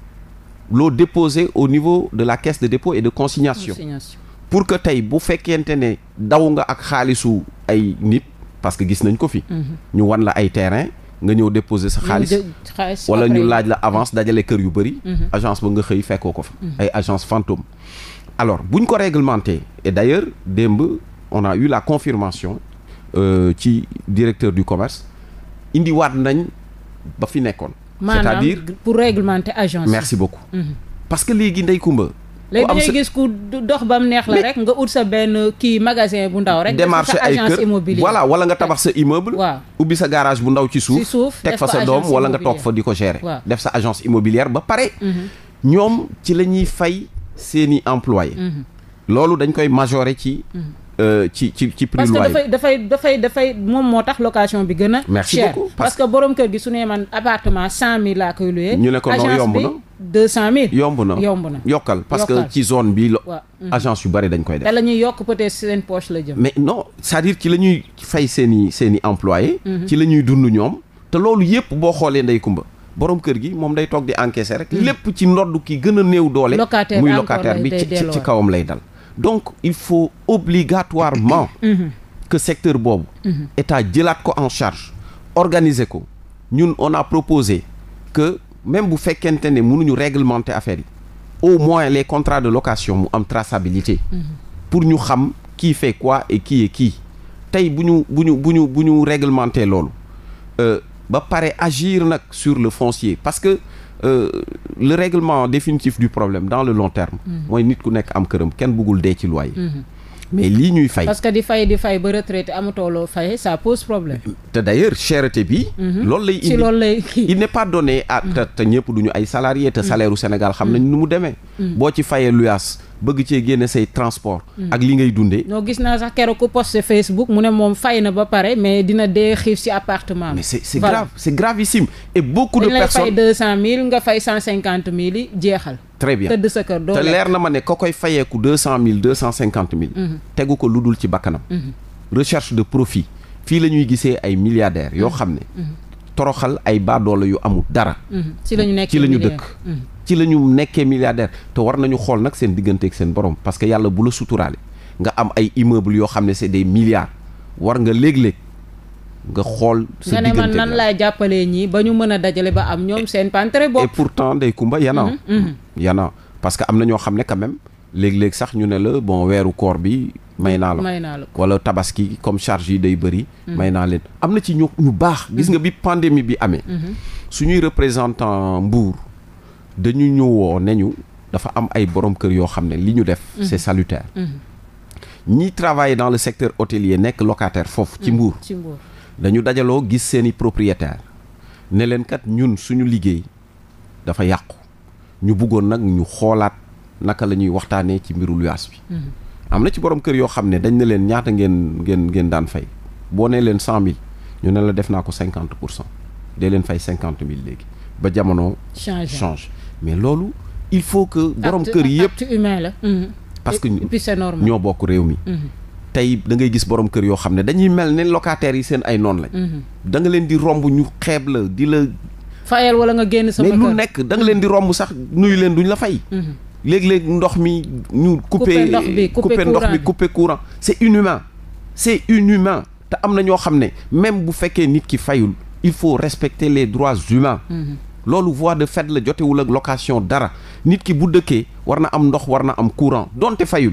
loo déposer au niveau de la caisse de dépôt et de consignation, pour que tey bu fekkente ne daw nga ak xaalisu ay nit parce que gis nañ ko fi. Mhm. ñu wan la ay terrain nga ñëw déposer sa xaalis. wala ñu laaj la avance dajale kër yu bëri. Mhm. agence ba nga xëy fekkoo ko fa. Mhm. ay agence fantôme. alors buñ ko réglementé et d'ailleurs démb on a eu la confirmation euh, ci directeur du commerce indiwaat nañ ba fi nekkoon. cest à pour réglementer agence. merci beaucoup. léegi Ndeye Comba léegi da gis ku dox ba mu neex la rek nga ut sa benn kii magasin bu ndaw rek. démarché ay kër voilà wala nga tabax sa immeuble. waaw ubbi sa garage bu ndaw ci suuf. teg fa sa doom wala nga toog fa di ko gérer. def sa agence immobilière ba pare. Mhm. ñoom ci la ñuy fay seeni employé mhm. loolu dañ koy majorer ci. Mhm. Euh, ci ci ci prix loyer parce que dafay dafay dafay moom moo tax location bi gën a cher parce que borom kër gi su nee man appartement cent mille laa koy loué ñu ne ko non yomb na deux cent mille yomb na yomb na yokkal parce que ci zone bi mm-hmm. agence yu bari dañ koy def te la yokk peut-être seen poche la jëm mais non cest à ci la ñuy fay seen i seen i mm-hmm. ci la ñuy dund ñoom te loolu yëpp boo xoolee ndey kumba borom kër gi moom day toog di encaisser rek mm-hmm. lépp ci ndodd ki gën a néew doole muy locataire bi ci ci kawam lay donc il faut obligatoirement que secteur boobu état jëlaat ko en charge organiser ko ñun on a proposé que même bu fekkente ne mënuñu réglementer affaire au moins les contrat de location mu am traçabilité pour ñu xam kii fait quoi et kii est tey bu ñu bu ñu bu ñu bu ñu réglementer loolu euh, ba pare agir nag sur le foncier parce que Euh, le règlement définitif du problème dans le long terme. Mhm. mooy nit ku nekk am këram kenn bëggul dee ci loyer. Mhm. mais lii ñuy fay. parce que di fay di fay ba retraité amatoo loo fay ça pose problème. te d' ailleurs cherté bi. Mhm. loolu lay indi si loolu lay il n' pas donné à. te ñëpp du ñu ay salarié te salaire u Sénégal xam nañ nu mu demee. boo ci fayee luyaas. bëgg cee génne say transport. Mm. ak li ngay dundee. non gis naa sax keroog ku posté Facebook mu ne moom fay na ba pare mais dina dee xiif si appartement mais c'est c'est voilà. grave c'est gravissime. et beaucoup de personnes dañ lay nga fay 150000 yi jeexal. très bien tëdd sa kër te leer na ma ne ko koy fayeeku 200000 250000. Mm-hmm. tegu ko lu dul ci bakkanam. Mm-hmm. recherche de profit fii la ñuy gisee ay milliardaires yoo mm-hmm. xam ne. toroxal ay baadoola yu amul dara. Mhm. ci la ñu nekkee ci la ñu dëkk. Mhm. ci la ñu nekkee milliardaire te war nañu xool nag seen digganteeg seen borom parce que yàlla bu la suturaale nga am ay immeuble yoo xam ne c'est des milliards war nga léeg-léeg. nga xool sa diggante nga ne man nan laay jàppalee ñii ba ñu mën a dajale ba am ñoom seen pantere bopp. et pourtant day kumba yana. Mhm. yana parce am na ñoo xam ne quand léegi léeg sax ñu ne la bon weeru koor bi may naa la ko wala tabaski comme charge yi day bëri mm-hmm. may naa leen am na ci ñu ñu baax gis nga mm-hmm. bi pandémie bi amee mm-hmm. suñuy représentant mbuur dañu ñëwoo woo ñu dafa am ay boroom kër yoo xam ne li ñu def c'est salutaire ñiy travailler dans le secteur hôtelier nekk locataire foofu ci Mbour dañu dajaloo gis seeni propriétaire ne leen kat ñun suñu liggéey dafa yàqu ñu buggoon nag ñu xoolaat naka la ñuy waxtaanee ci mbiru luyaas bi. Mhm. am na ci borom kër yoo xam ne dañ ne leen ñaata ngeen ngeen ngeen daan fay boo nee leen cent mille ñu ne la def naa ko cinquante pour cent dee leen fay cinquante mille léegi ba jamono. change mais loolu il faut que. borom kër yëpp acte la. Mhm. parce que ñoo bokk réew mi. Mhm. tey da ngay gis borom kër yoo xam ne dañuy mel ne locataires yi seen ay noon lañ. da leen di romb ñu xeeb la di la. fayal wala nga génn sama kër mais leen di romb sax nuyu leen duñ la fay. léegi léeg ndox mi ñu couper ndox bi couper ndox bi couper courant c'est inhumain c'est inhumain te am na ñoo xam ne même bu fekkee nit ki fayul il faut respecter les droits humains mhm. loolu voie de fait la jotewul ak location dara nit ki bu dëkkee war na am ndox war na am courant donte fayul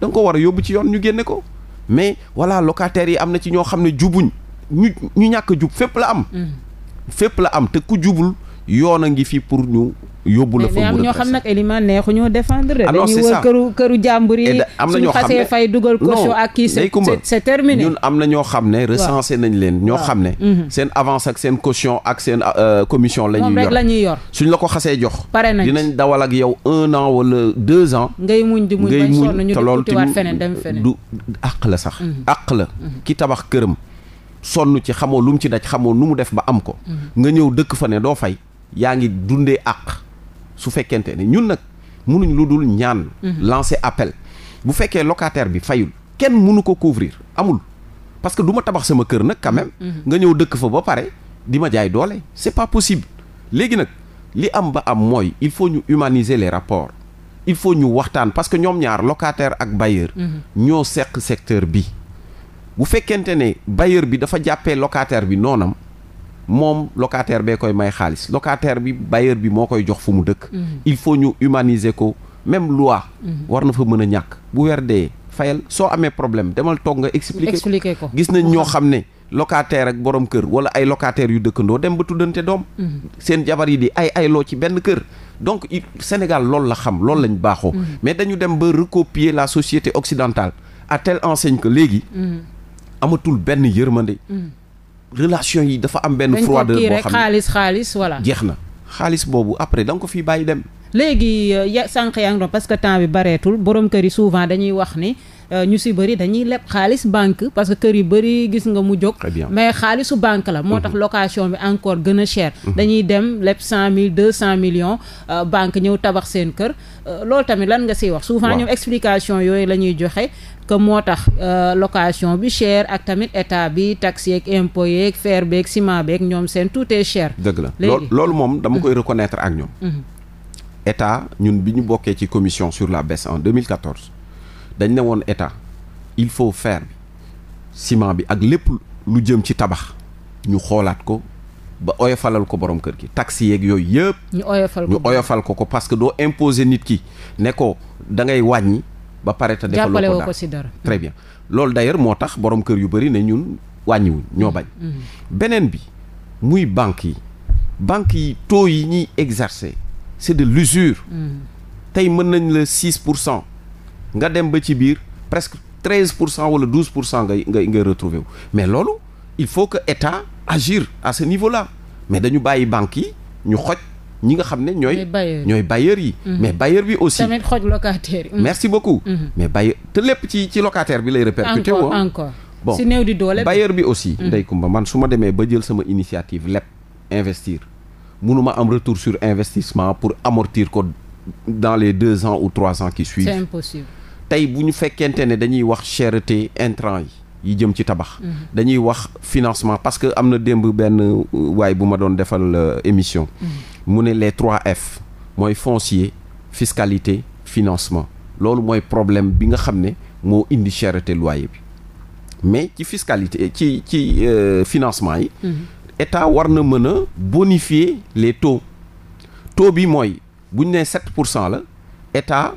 da ko war a yóbbu ci yoon ñu génne ko mais voilà locataires yi am na ci ñoo xam ne jubuñ ñu ñu ñàkk jub fépp la am mhm. fépp la am te ku jubul yoon a ngi fi pour ñu yóbbu la fa mu ñoo xam nag élément neexu ñoo défendre de ah dañuy wër këru këru jàmbur yi am na ñoo xam ne xasee fay ak kii c'est c'est terminé ñun am na ñoo xam ne recensé nañ leen ñoo xam ne mhm. seen avance ak seen caution ak seen euh, commission la ñuy la ñuy yor suñ la ko xasee jox pare nañ dawal ak yow un an wala deux ans ngay muñ di muñ ngay muñ te loolu tamit feneen dem feneen du àq la sax mhm. àq la mhm. ki tabax këram sonn ci xamoo lu mu ci daj xamoo nu mu def ba am ko nga ñëw dëkk fa ne doo fay yaa ngi dundee àq su fekkente ne ñun nag mënuñ lu dul ñaan. Mhm. lancer appel bu fekkee locataire bi fayul kenn mënu ko couvrir amul parce que du ma tabax sama kër nag quand mhm. nga ñëw dëkk fa ba pare di ma jaay doole c'est pas possible léegi nag li am ba am mooy il faut ñu humaniser les rapport il faut ñu waxtaan parce que ñoom ñaar locataire ak bailleur. Mhm. ñoo seq secteur bi. bu fekkente ne bailleur bi dafa jàppee locataire bi noonam moom locataire bee koy may xaalis locataire bi bailleur bi moo koy jox fu mu dëkk. Mhm. il faut ñu humaniser ko même loi. Mhm. war na fa mën a ñàkk bu weer dee fayal soo amee problème demal toog nga expliquer ko gis nañ ñoo xam ne. locataire ak borom kër wala ay locataire yu dëkkandoo dem ba tuddante doom. Mhm. seen jabar yi di ay ayloo ci benn kër. donc i Sénégal loolu la xam loolu lañ baaxoo. mais dañu dem ba recopier la société occidentale à telle enseigne que léegi. amatul benn yërmande. relation yi dafa am benn froideur boo xam ne xaalis xaalis voilà jeex na xaalis boobu après da ko fii bàyyi dem léegi euh, ya sànq yaa ngi doon parce que temps bi bareetul borom kër yi souvent dañuy wax ni Euh, ñu si bëri dañuy leb xaalis banque parce que kër yi bëri gis nga mu jóg mais xaalisu banque la moo tax mhm. location bi encore gën a cher mhm. dañuy dem leb cent mille deux cent millions euh, banque ñëw tabax seen kër euh, loolu tamit lan nga siy wax souvent ñoom explication yooyu la ñuy joxe que moo tax location bi cher ak tamit état bi taxe yeeg impôt yeeg fer beeg ciment beek ñoom seen tout est cher dëgg la loolu moom dama koy mhm. reconnaître ak ñoom état ñun bi ñu bokkee ci commission sur la baisse en dañ ne woon état il faut bi ciment bi ak lépp lu jëm ci tabax ñu xoolaat ko ba oyofalal ko borom kër gi taxi yeeg yooyu yëpp. ñu oyofal ko ñu oyofal ko ko parce que doo imposer nit ki ne ko da ngay wàññi ba pare te. defaloo ko si dara très bien loolu d'ailleurs moo tax borom kër yu bëri ne ñun wàññiwuñ ñoo bañ. Mm-hmm. beneen bi muy banques yi banques yi taux yi ñuy exercer c'est de l'usure. Mm-hmm. tey mën nañ la 6 pour cent. nga dem ba ci biir presque treize pour cent wala douze pour cent ngay ngay ngay retrouver mais loolu il faut que état agir à ce niveau la mais dañu bàyyi banque yi ñu xoj ñi nga xam ne ñooy ñooy bailleurs yi mhm. mais bailleur bi aussi tamit xoj locataire merci beaucoup mhm. mais bailleur te lépp ci ci locataire bi lay répercuté wu encore bon si néew di doole bailleur bi aussi mhm. Ndeye Comba man su ma demee ba jël sama initiative lépp investir mënuma am retour sur investissement pour amortir ko dans les deux ans ou trois ans qui suivent c'est tey bu ñu fekkente ne dañuy wax cherté intrant yi yi jëm ci tabax mm-hmm. dañuy wax financement parce que am na démb benn waay bu ma doon defal euh, émission mm-hmm. mu ne les trois F mooy foncier fiscalité financement loolu mooy problème bi nga xam ne moo indi cherté loyer bi mais ci fiscalité ci ci euh, financement yi mm-hmm. état war na mën a bonifier les taux taux bi mooy bu ñu nee 7 pour cent la état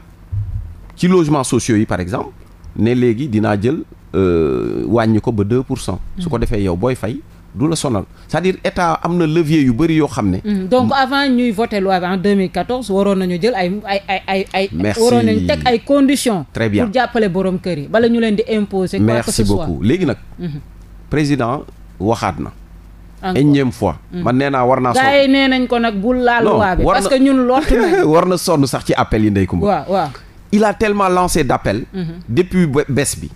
ci logement sociaux yi par exemple ne léegi dinaa jël euh, wàññi ko ba 2 pour cent. su ko defee yow booy fay du la sonal c'est-à-dire état am na levier yu bëri yoo xam ne. Mm, donc avant ñuy voté loi en 2014 waroon nañu jël ay ay ay ay ay. merci waroon nañu ay conditions. très bien pour jàppale borom kër yi bala ñu leen di imposer. quoi que ce soit merci léegi nag. Mm-hmm. président waxaat na. énième fois mm. man nee naa war naa sonn gars nee nañ ko nag bu laal loi bi parce que ñun lott nañ war na sonn sax ci appel yi ndey Kumba il a tellement lancé d'appel mm -hmm. depuis bés bi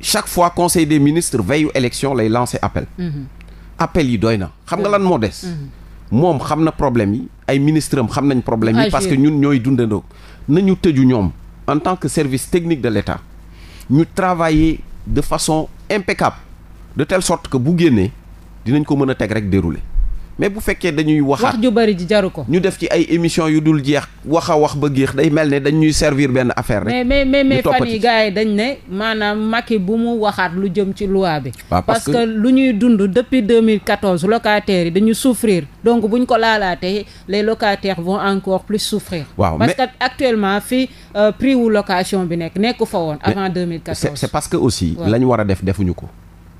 chaque fois conseil des ministres veillu élection lay lancé appel mm appel yi doy na xam nga lan moo des mm-hmm. moom xam na problème yi ay ministres am xam nañ problème yi parce que ñun ñooy dundandoo nañu tëju ñoom en tant que service technique de l'État ñu travailler de façon impeccable de telle sorte que bu génnee dinañ ko mën a teg rek dérouler mais bu fekkee dañuy waxaat wax ju bari ji jaru ko. ñu def ci ay émissions yu dul jeex wax a wax ba géex day mel ne dañuy servir benn affaire rek. mais mais mais fan yi gars yi dañ ne maanaam Macky bu mu waxaat lu jëm ci luwa bi. waaw parce que lu ñuy dund depuis 2014 locataires yi dañu souffrir donc bu ñu ko laalaatee les locataires vont encore plus souffrir. waaw parce que actuellement fii euh, prix wu location bi nekk nekk fa woon. avant 2014 c'est c'est parce que aussi. la ñu war a def defuñu ko.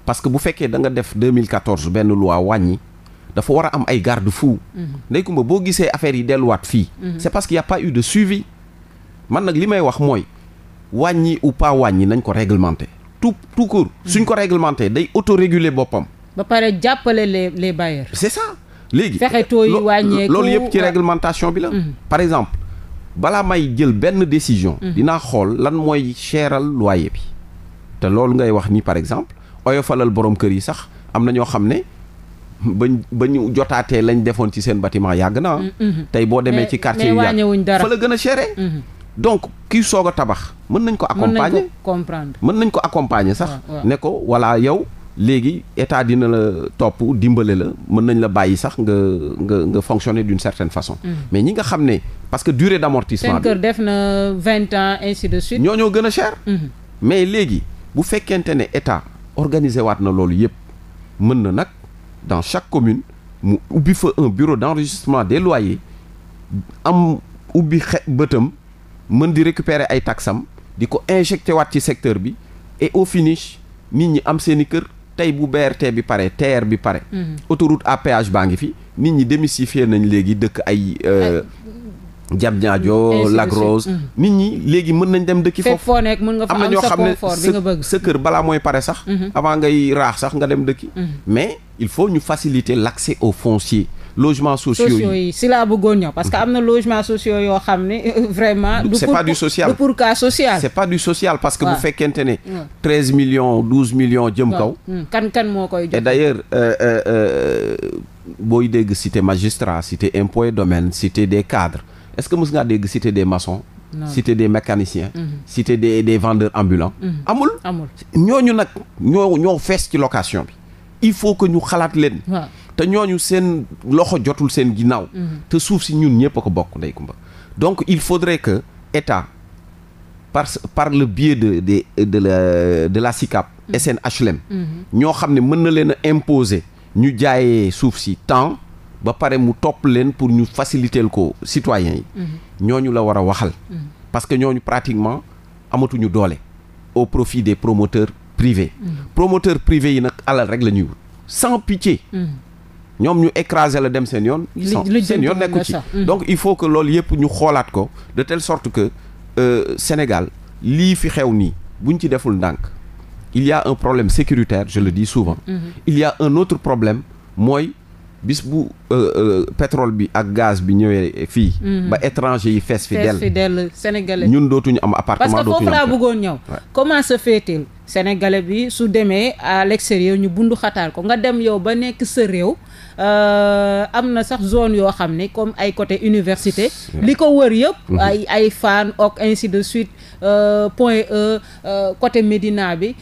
parce que bu fekkee da nga def 2014 benn loi wàññi. dafa war a am ay garde-fou mhm. ndey kumba boo gisee affaire yi delluwaat fii mhm. c'est parce qu'il y a pas suivi man nag li may wax mooy wàññi ou pas wàññi nañ ko réglementer tout tout court mhm. suñ ko réglementer day auto autoréguler boppam ba pare jàppale les les bailleurs c'est ça léegi fexe taux wàññeeku loolu yëpp ci réglementation bi la par exemple balaa may jël benn décision dinaa xool lan mooy cheral loyer bi te loolu ngay wax ni par exemple oyofalal borom kër yi sax am na ñoo xam ne ba ñu jotaatee lañ defoon ci seen batiment yàgg na mm, mm-hmm. tey boo demee ci quartier yu yàgg fa la gën a chéré mm-hmm. donc kii soog a tabax mën nañ ko accompagner comprendre mën nañ ko accompagner sax ne ko voilà yow léegi état dina la topp dimbale la mën nañ la bàyyi sax nga nga nga fonctionner d'une certaine façon. Mm-hmm. mais ñi nga xam ne parce que durée d'amortissement bi. seen def na vingt ans ainsi ñoo ñoo gën a cher. mais léegi bu fekkente ne état organiser waat na loolu yépp mën na nag. dans chaque commune mu ubbi fa un bureau d'enregistrement des loyers am ubbi xe bëtam mën di récupérer ay taxam di ko injecté waat ci secteur bi et au finish nit ñi am seeni kër tey bu BRT bi pare TER bi pare mm-hmm. autoroute à baa ngi fi nit ñi démystifier nañ léegi dëkk ay euh, jam ñaajo Lac Rose mm. nit ñi léegi mën nañ dem dëkki foofu foo nekk mën nga fa am na ñoo xam ne sa kër balaa mooy pare sax mm-hmm. avant ngay raax sax nga dem dëkki mm-hmm. mais il faut ñu faciliter l'accès au foncier logement sociaux yi si laa bëggoon ñëw parce que am na logement sociaux yoo xam ne euh, euh, vraiment c'est pas du social pour cas social c'est pas du social parce que bu fekkente ne treize million douze million jëm kaw mm. kan kan moo koy jox et euh, booy dégg cité magistrat cité impôt et des cadres est-ce que mës ngaa dégg cité des maçons. cité des mécaniciens. Mhm. cité des des vendeurs ambulants. Mhm. amul amul ñooñu nag ñoo ñoo fees ci location bi. il faut que ñu xalaat leen. te ñu seen loxo jotul seen ginnaaw. Mhm. te suuf si ñun ñëpp ko bokk ndey kumba donc il faudrait que état par par le biais de de de la de e SICAP. SNHLM. ñoo xam ne mën na leen a imposer ñu jaayee suuf si temps. ba pare mu topp leen pour ñu faciliter ko citoyens yi. Mhm. ñooñu la war a waxal. Mhm. parce que ñooñu pratiquement amatuñu doole. au profit des promoteurs privés. Mhm. promoteurs privés yi nag alal rek la ñuy wut. sans pitié. ñoom ñu écraser la dem seen yoon. seen yoon nekku ci donc il faut que loolu yëpp ñu xoolaat ko de telle sorte que euh, Sénégal lii fi xew nii buñ ci deful ndànk il y un problème sécuritaire je le dis souvent. il y un autre problème mooy. bis bu euh, euh, pétrole bi ak gaz bi ñëwee fii. Mhm. ba étranger yi fees fi dell. fees ñun dootuñu am appartement dootuñu parce que foofu laa bëggoon ñëw. comment se fait-il sénégalais bi su demee à l'extérieur ñu bundu xataal ko nga dem yow ba nekk sa réew. Euh, am na sax zone yoo xam ne comme ay côté université. li ko wër yëpp. Mhm. ay ay Fann ok ainsi de suite Point E euh, côté Médina bi.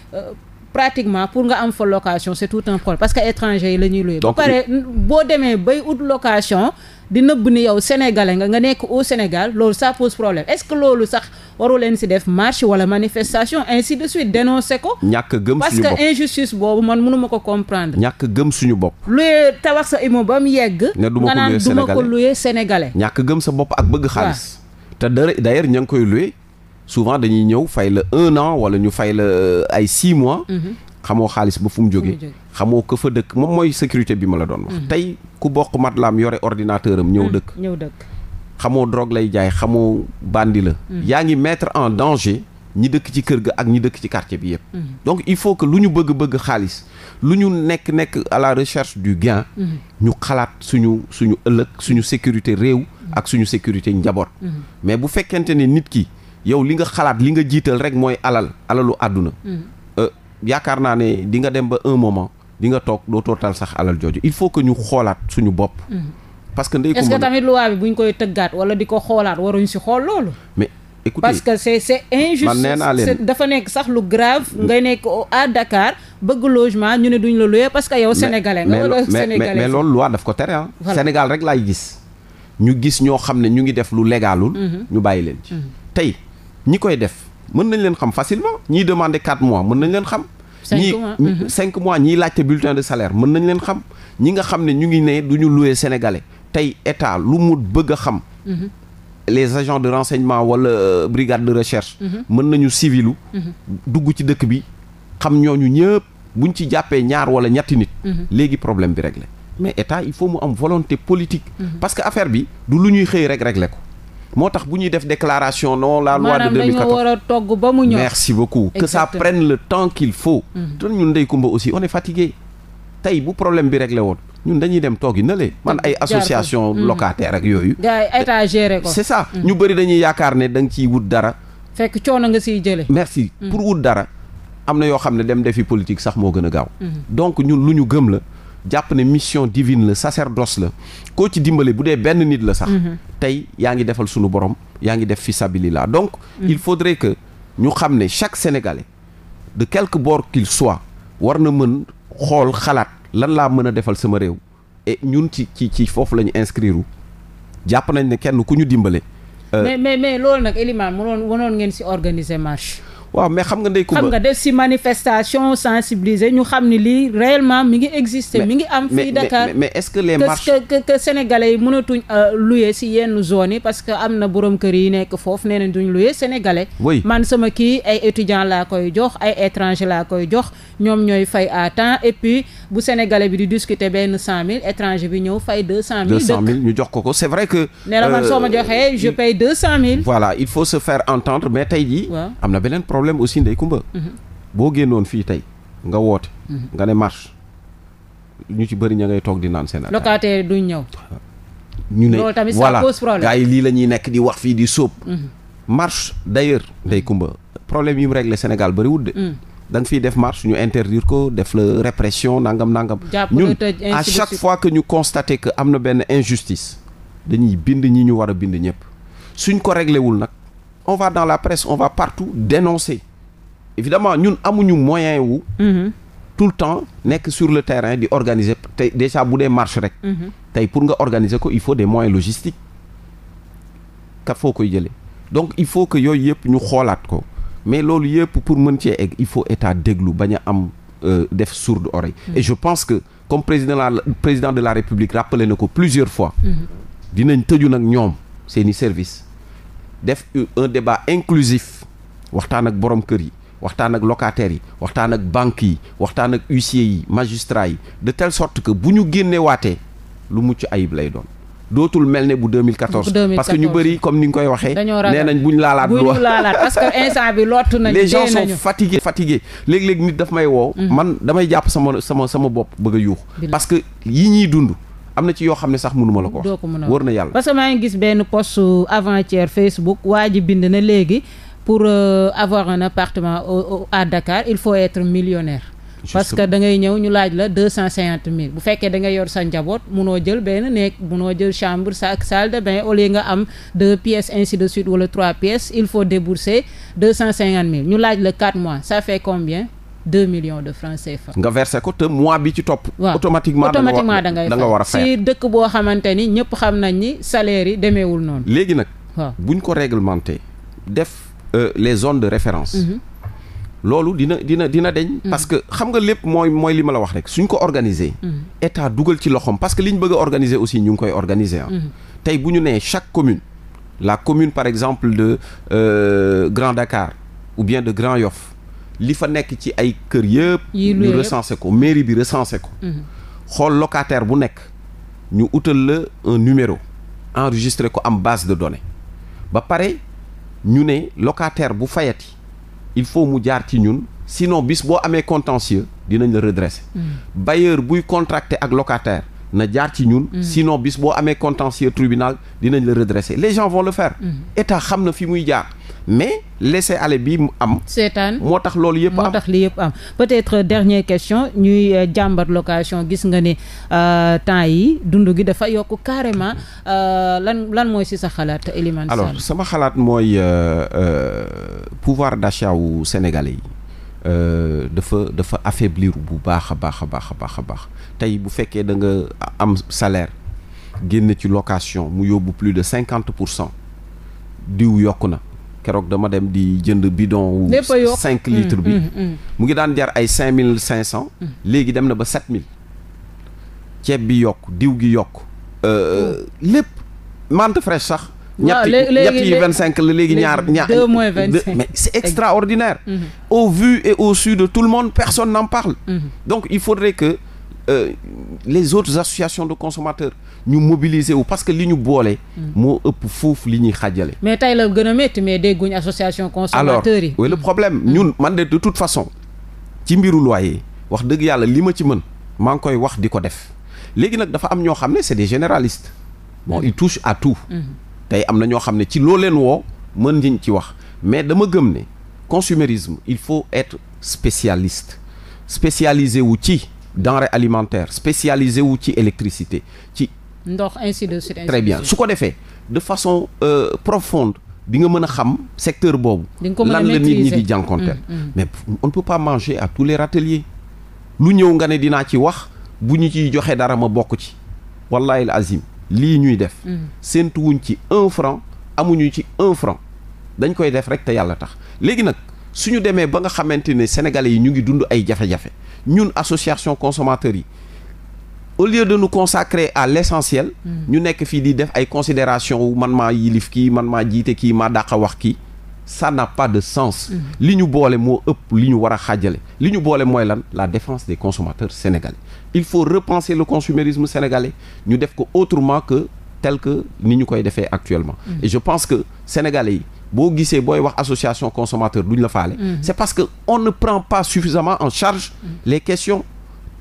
pratiquement pour nga am fa location c'est tout un problème parce que étranger yi la ñuy loué. pare boo demee bay ut location di nëbb ni yow sénégalais nga nekk au Sénégal loolu ça pose problème est-ce que loolu sax waru leen ci def marche wala manifestation ainsi de suite dénoncer ko. ñàkk gëm suñu bopp parce que injustice boobu man mënu ko comprendre. ñàkk gëm suñu bopp. loué tabax sa immeuble ba mu yegg. ne du ko loué sénégalais nga naan du ma ko loué sénégalais. ñàkk gëm sa bopp ak bëgg xaalis. te d ña ngi koy loué souvent dañuy ñëw fay la un an wala ñu fay la euh, ay six mois. Mhm. xamoo xaalis ba fu mu jógee. xamoo ko fa dëkk moom mooy sécurité bi ma la doon wax. Mhm. tey ku bokk matlaam yore ordinateur am ñëw mhm. dëkk. ñëw dëkk xamoo drogue lay jaay xamoo bandi la. yaa ngi mettre en danger. ñi dëkk ci kër ga ak ñi dëkk ci quartier bi yëpp. donc il faut que lu ñu bëgg bëgg xaalis lu ñu nekk nekk à la recherche du gain. ñu xalaat suñu suñu ëllëg suñu sécurité réew. ak suñu sécurité njaboot. mais bu fekkente ne nit ki. yow li nga xalaat li nga jiital rek mooy alal alalu àdduna hmm. euh, yaakaar naa ne di nga dem ba un moment di nga toog doo tootal sax alal jooju il faut que ñu xoolaat suñu bopp hmm. parce que ndey ko est-ce que tamit loi bi koy tëggaat wala di ko xoolaat waruñ si xool loolu parce que c'est c'est injuste dafa nekk sax lu grave nga nekk à Dakar bëgg logement ñu ne duñu la loué parce que yow sénégalais nga sénégalais mais loolu loi daf ko tere ah Sénégal rek laay gis ñu gis ñoo xam ne ñu ngi def lu legaalul mm-hmm. ñu bàyyi leen ci mm-hmm. tey ñi koy def mën nañ leen xam facilement ñii demander quatre mois mën nañ leen xam ñi mhm. cinq mois ñii laajte bulletin de salaire mën nañ leen xam ñi nga xam ne ñu ngi nee du ñu loué sénégalais tey état lu mu bëgg a xam mhm. les agents de renseignement wala euh, brigade de recherche mhm. mën nañu civilu dugg ci dëkk bi xam ñooñu ñëpp buñ ci jàppee ñaar wala ñetti nit léegi problème bi rek réglé mais état il faut mu am volonté politique parce que affaire bi du lu ñuy xëy rek réglé ko moo tax bu ñuy def déclaration non la loi de 2014 maanaam dañoo war a togg ba mu ñor merci beaucoup Exactement. que te mhm. ñun Ndeye Comba aussi on est tey bu problème bi réglé woon ñun dañuy dem toog yi na man ay association mhm. locataire ak yooyu état géré ko c'est ça mhm. ñu bëri dañuy yaakaar ne da nga ciy wut dara fekk coono nga siy jële merci pour wut dara am na yoo xam ne dem defi politique sax moo gën a gaaw donc ñun lu ñu gëm la jàpp ne mission divine la sacerdoce la koo ci dimbale bu dee benn nit la sax mhm. tey yaa ngi defal sunu borom yaa ngi def fi sabili la donc mhm. il faudrait que ñu xam ne chaque sénégalais de quelque bor qu'il war na mën xool xalaat lan laa mën a defal sama réew et ñun ci ci ci foofu la ñu inscrire jàpp nañ ne kenn ku ñu dimbale euh, mais mais loolu nag Elimane mënoon mënoon ngeen si organiser marche waaw mais xam nga ndey kumba xam nga def si manifestation sensibiliser ñu xam ni lii réellement mi ngi exister mi ngi am fii Dakar mais est-ce que les que que yi mënatuñ euh, louer si yenn zones yi parce que am na borom kër yi nekk foofu nee nañ duñ louer sénégalais man sama kii ay étudiant laa koy jox ay étranger laa koy jox ñoom ñooy fay à temps et puis bu sénégalais bi di discuter benn cent mille étranger bi ñëw fay deux cent mille deux cent ñu jox ko ko c'est vrai que nee na man soo ma euh, joxee je paye deux cent tey jii am na beneen problème problème aussi ndey kumba mhm. boo génnoon fii tey nga woote. Mhm. nga ne ñu ci bëri ña ngay toog di naan seen. ñëw. ñu ne voilà gars yi lii la ñuy nekk di wax fii di sóob. Mhm. marche d'ailleurs ndey kumba problème yi mu réglé Sénégal bëriwul de. da nga fiy def marche ñu interdire ko def la répression nangam nangam. ñun à chaque fois que ñu constaté que am na benn injustice. dañuy bind ñi ñu war a bind ñëpp suñ ko réglé nag. on va dans la presse on va partout dénoncer évidemment ñun amuñu moyen wu mhm. tout le temps nekk sur le terrain di organiser tey déjà bu dee marche rek mhm. tey pour nga organiser ko il faut des moyens logistiques kat foo koy jële donc il faut que yooyu yëpp ñu xoolaat ko mais loolu yëpp pour mën cee egg il faut état déglu bañ a am euh, def sourde oreille mhm. et je pense que comme président la président de la république rappelé na ko plusieurs fois dinañ tëju nag ñoom seeni service def un débat inclusif waxtaan ak borom kër yi waxtaan ak locataires yi waxtaan ak banque yi waxtaan ak huissiers yi magistrats yi de telle sorte que bu ñu génne waatee lu mucc ayib lay doon dootul mel ne bu 2014. parce que ñu bëri comme ni nga koy waxee. nee nañ bu ñu laalaat bu ñu laalaat parce bi lottu nañu. les gens sont fatigués fatigués léeg nit daf may woo. Mm-hmm. man damay jàpp sama sama sama bopp bëgg a yuux. parce que yi ñuy dund. am na ci yoo xam ne sax mënu la ko wax. doo ko mën a wóor na yàlla. parce que maa ngi gis benn post avant-hier Facebook waa ji bind na léegi pour euh, avoir un appartement au, à Dakar il faut être millionnaire. parce que da ngay ñëw ñu laaj la deux cent cinquante mille bu fekkee da ngay yor sa njaboot munoo jël benn mu noo jël chambre sa ak salle au lieu nga am deux pièces ainsi de suite wala trois pièces il faut débourser deux cent cinquante mille ñu laaj la quatre mois ça fait combien deux millions de francs CFA. nga versé ko te mois bi ci topp. waaw automatiquement da nga war a si dëkk boo xamante ni ñëpp xam nañ ni salaire yi demeewul noonu. léegi nag. waaw buñ ko réglementé def euh, les zones de référence. Mhm. loolu dina dina dina deñ mhm. parce que xam nga lépp mooy mooy li ma la wax rek suñ ko organiser. Mhm. état dugal ci loxoom parce que li ñu bëgg a organiser aussi ñu ngi koy organiser ah. tey bu ñu nee chaque commune la commune par exemple de euh, Grand Dakar ou bien de Grand Yoff li fa nekk ci ay kër yëpp. ñu recensé ko mairie bi recensé ko. Mhm. xool locataire bu nekk ñu utal la un numéro enregistré ko am base de données ba pare ñu ne locataire bu fayati il faut mu jaar ci ñun sinon bis boo amee contentieux dinañ la redresser. Mhm. bailleur buy contracté ak locataire na jaar ci ñun. Mhm. sinon bis boo amee contentieux tribunal dinañ la redresser les gens vont le faire. état xam na fi muy jaar. mais laisser aller bi mu am. seetaan moo tax loolu yëpp am li yëpp peut-être euh, dernier question ñuy euh, jàmbat location gis nga ne euh, temps yi dund gi dafa yokk carrément lan lan mooy si sa xalaat Elimane sama xalaat mooy pouvoir d'achat wu Sénégalais yi. Euh, dafa dafa affaiblir bu baax a baax a baax baax tey bu fekkee da nga am salaire génn ci location mu yóbbu plus de cinquante pour cent diw yokk na keroog dama dem di jënd bidon. lépp cinq litres bi. Mm, mm, mm, mu ngi daan jar ay cinq mille cinq cent. léegi dem na ba sept mille. ceeb bi yokk diw gi yokk. Euh, lépp menthe fraîche sax. waaw léegi cinq la léegi ñaar ñaar. deux moins vingt cinq mais c' extraordinaire. Mm-hmm. au vu et au su tout le monde personne n'en parle. Mm-hmm. donc il faudrait que. euh, les autres associations de consommateurs ñu mobiliser wu parce que li ñu boole. Mm. moo ëpp foofu li ñuy xaajale. mais tey la gën a métti mais dégguñu association consommateurs yi. alors oui, problème mm. ñun man de de toute façon ci mbiru loyer wax dëgg yàlla li ma ci mën maa ngi koy wax di ko def léegi nag dafa am ñoo xam ne c'est des généraliste bon mm. ils touchent à tout. tey am na ñoo xam ne ci loo leen woo mën nañ ci wax mais dama gëm ne consumérisme il faut être spécialiste spécialisé wu ci. denrée alimentaire spécialisé wu ci électricité ci. ndox ainsi de suite su ko defee de façon euh, profonde bi nga mën a xam secteur boobu. lan la nit ñi di jànkonteel. Mm, mm. mais on ne peut pas manger à tous les râteliers. lu ñëw nga ne dinaa ci wax bu ñu ciy joxee dara ma bokk ci. wallahi al lii ñuy def. Mm. séentuwuñ ci un franc amuñu ci un franc dañ koy def rek te yàlla tax léegi nag su ñu demee ba nga xamante ne sénégalais yi ñu ngi dund ay jafe-jafe. ñun association consommateurs yi au lieu de nu consacrer à l'essentiel mm. ñu nekk fii di def ay considération wu man maa yilif kii man maa jiite kii maa dàq a wax kii ça n'a pas de sens mm. li ñu boole moo ëpp li ñu war a xaajale li ñu boole mooy lan la défense des consommateurs sénégalais il faut repenser le consumérisme sénégalais ñu def ko autrement que tel que ni ñu koy defee actuellement mm. et je pense que sénégalais yi boo gisee booy wax association consommateur duñu la faale mhm. c'est parce que on ne prend pas suffisamment en charge mhm. les questions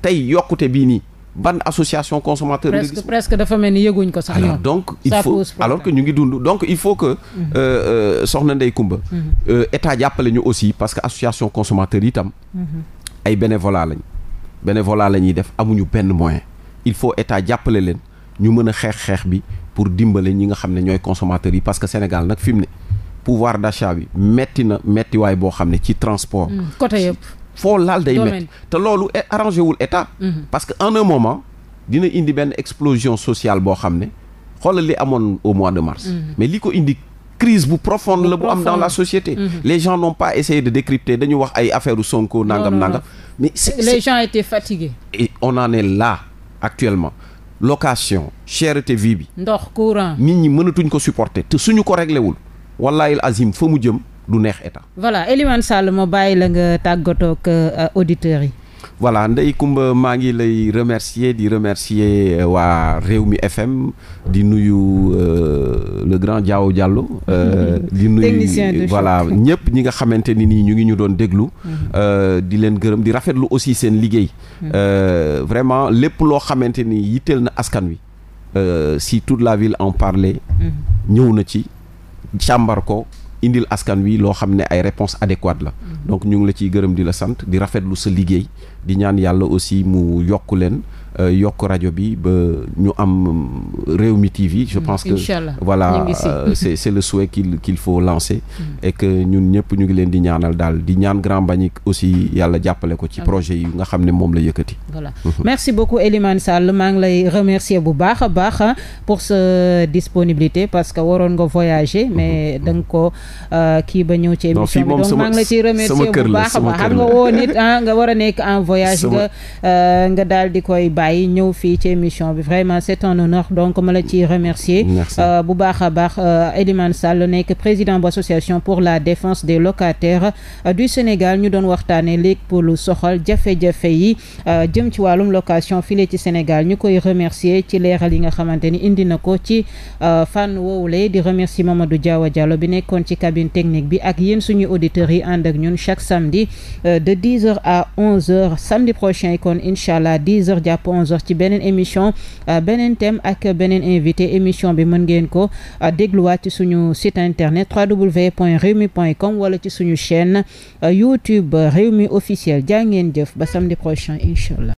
tey yokkute bii nii ban association consommateur presque presque dafa mel ni yëguñ ko sax alors donc il faut alors que ñu ngi dund donc il faut que mhm. euh, euh, soxna Ndeye Kumba euh, état jàppale ñu aussi parce que association consommateur tam ay bénévolat lañ bénévolat la ñuy def amuñu benn moyen il faut état jàppale leen ñu mën a xeex xeex bi pour dimbale ñi nga xam ne ñooy consommateurs yi parce que Sénégal nag fi mu ne pouvoir d'achat bi metti na mettiwaay boo xam ne ci transport. Mm, côté yëpp foo laal day metti te loolu arrangé wul état. Mm-hmm. parce que en un moment dina indi benn explosion sociale boo xam ne xoolal li amoon au mois de mars. Mm-hmm. mais li ko indi. crise bu profonde la bu am dans la société mmh. les gens n'ont pas essayé de décrypter dañu wax ay affaire Sonko nangam nangam mais c'est, les gens étaient fatigués et on actuellement location cherté vie bi ndox courant nit ñi mënatuñ ko supporter te suñu ko réglé wul wallaayil azim fa mu jëm du neex état. voilà Elimane Sall ma bàyyi la nga tàggatoo ak euh, auditeurs yi. voilà ndey Comba maa ngi lay remercier di remercier euh, waa réew mi FM di nuyu euh, le grand Diao jàll di nuyu voilà ñëpp ñi nga xamante ni nii ñu ngi ñu doon déglu. Mhm. di leen gërëm di rafetlu aussi seen liggéey. Mhm. vraiment lépp loo xamante ni yitteel na askan wi. si toute la ville en parlait. Mhm. ñëw na ci. càmbar ko indil askan wi loo xam ne ay réponse adéquate la mm-hmm. donc ñu ngi la ciy gërëm di la sant di rafetlu sa liggéey di ñaan yàlla aussi mu yokk leen Euh, yokk rajo bi ba ñu am réew Rewmi TV je pense que voilà euh, c'est le souhait qu'il qu'il faut lancer mm. et que ñun ñëpp ñu ngi leen di ñaanal daal di ñaan Grand Mbagnick aussi yàlla jàppale ko ci projet yi nga xam ne moom la yëkkati voilà mm-hmm. merci beaucoup Elimane Sall maa ngi lay remercier bu baax a baax pour sa disponibilité parce que waroon nga voyager mm-hmm. mais mm-hmm. da nga ko euh, kii ba ñëw ci émission bi donc maa ngi la remercier bu baax a baax xam nga woo nit nga war a nekk en voyage bàyyi ñëw fii ci émission bi vraiment c'est un honneur donc ma la ci remercier euh, bu baax a baax euh, Elimane Sall nekk président bu association pour la défense des locataires euh, du Sénégal ñu doon waxtaane léegi pour lu soxal jafe-jafe yi jëm ci wàllum location file ci Sénégal ñu koy remercier ci leeral yi nga xamante ni indi na ko ci fànn woowule di remercier Mamadou Diawa Diallo bi nekkoon ci cabine technique bi ak yéen suñuy auditeurs yi ànd ak ñun chaque samedi de 10 onze ci beneen émission euh, beneen temm ak beneen invité émission bi mën ngeen ko euh, dégluwaat ci suñu site internet www.rewmi.com wala ci suñu chaîne euh, YouTube Rewmi officiel jaa ngeen jëf ba samedi prochain incha allah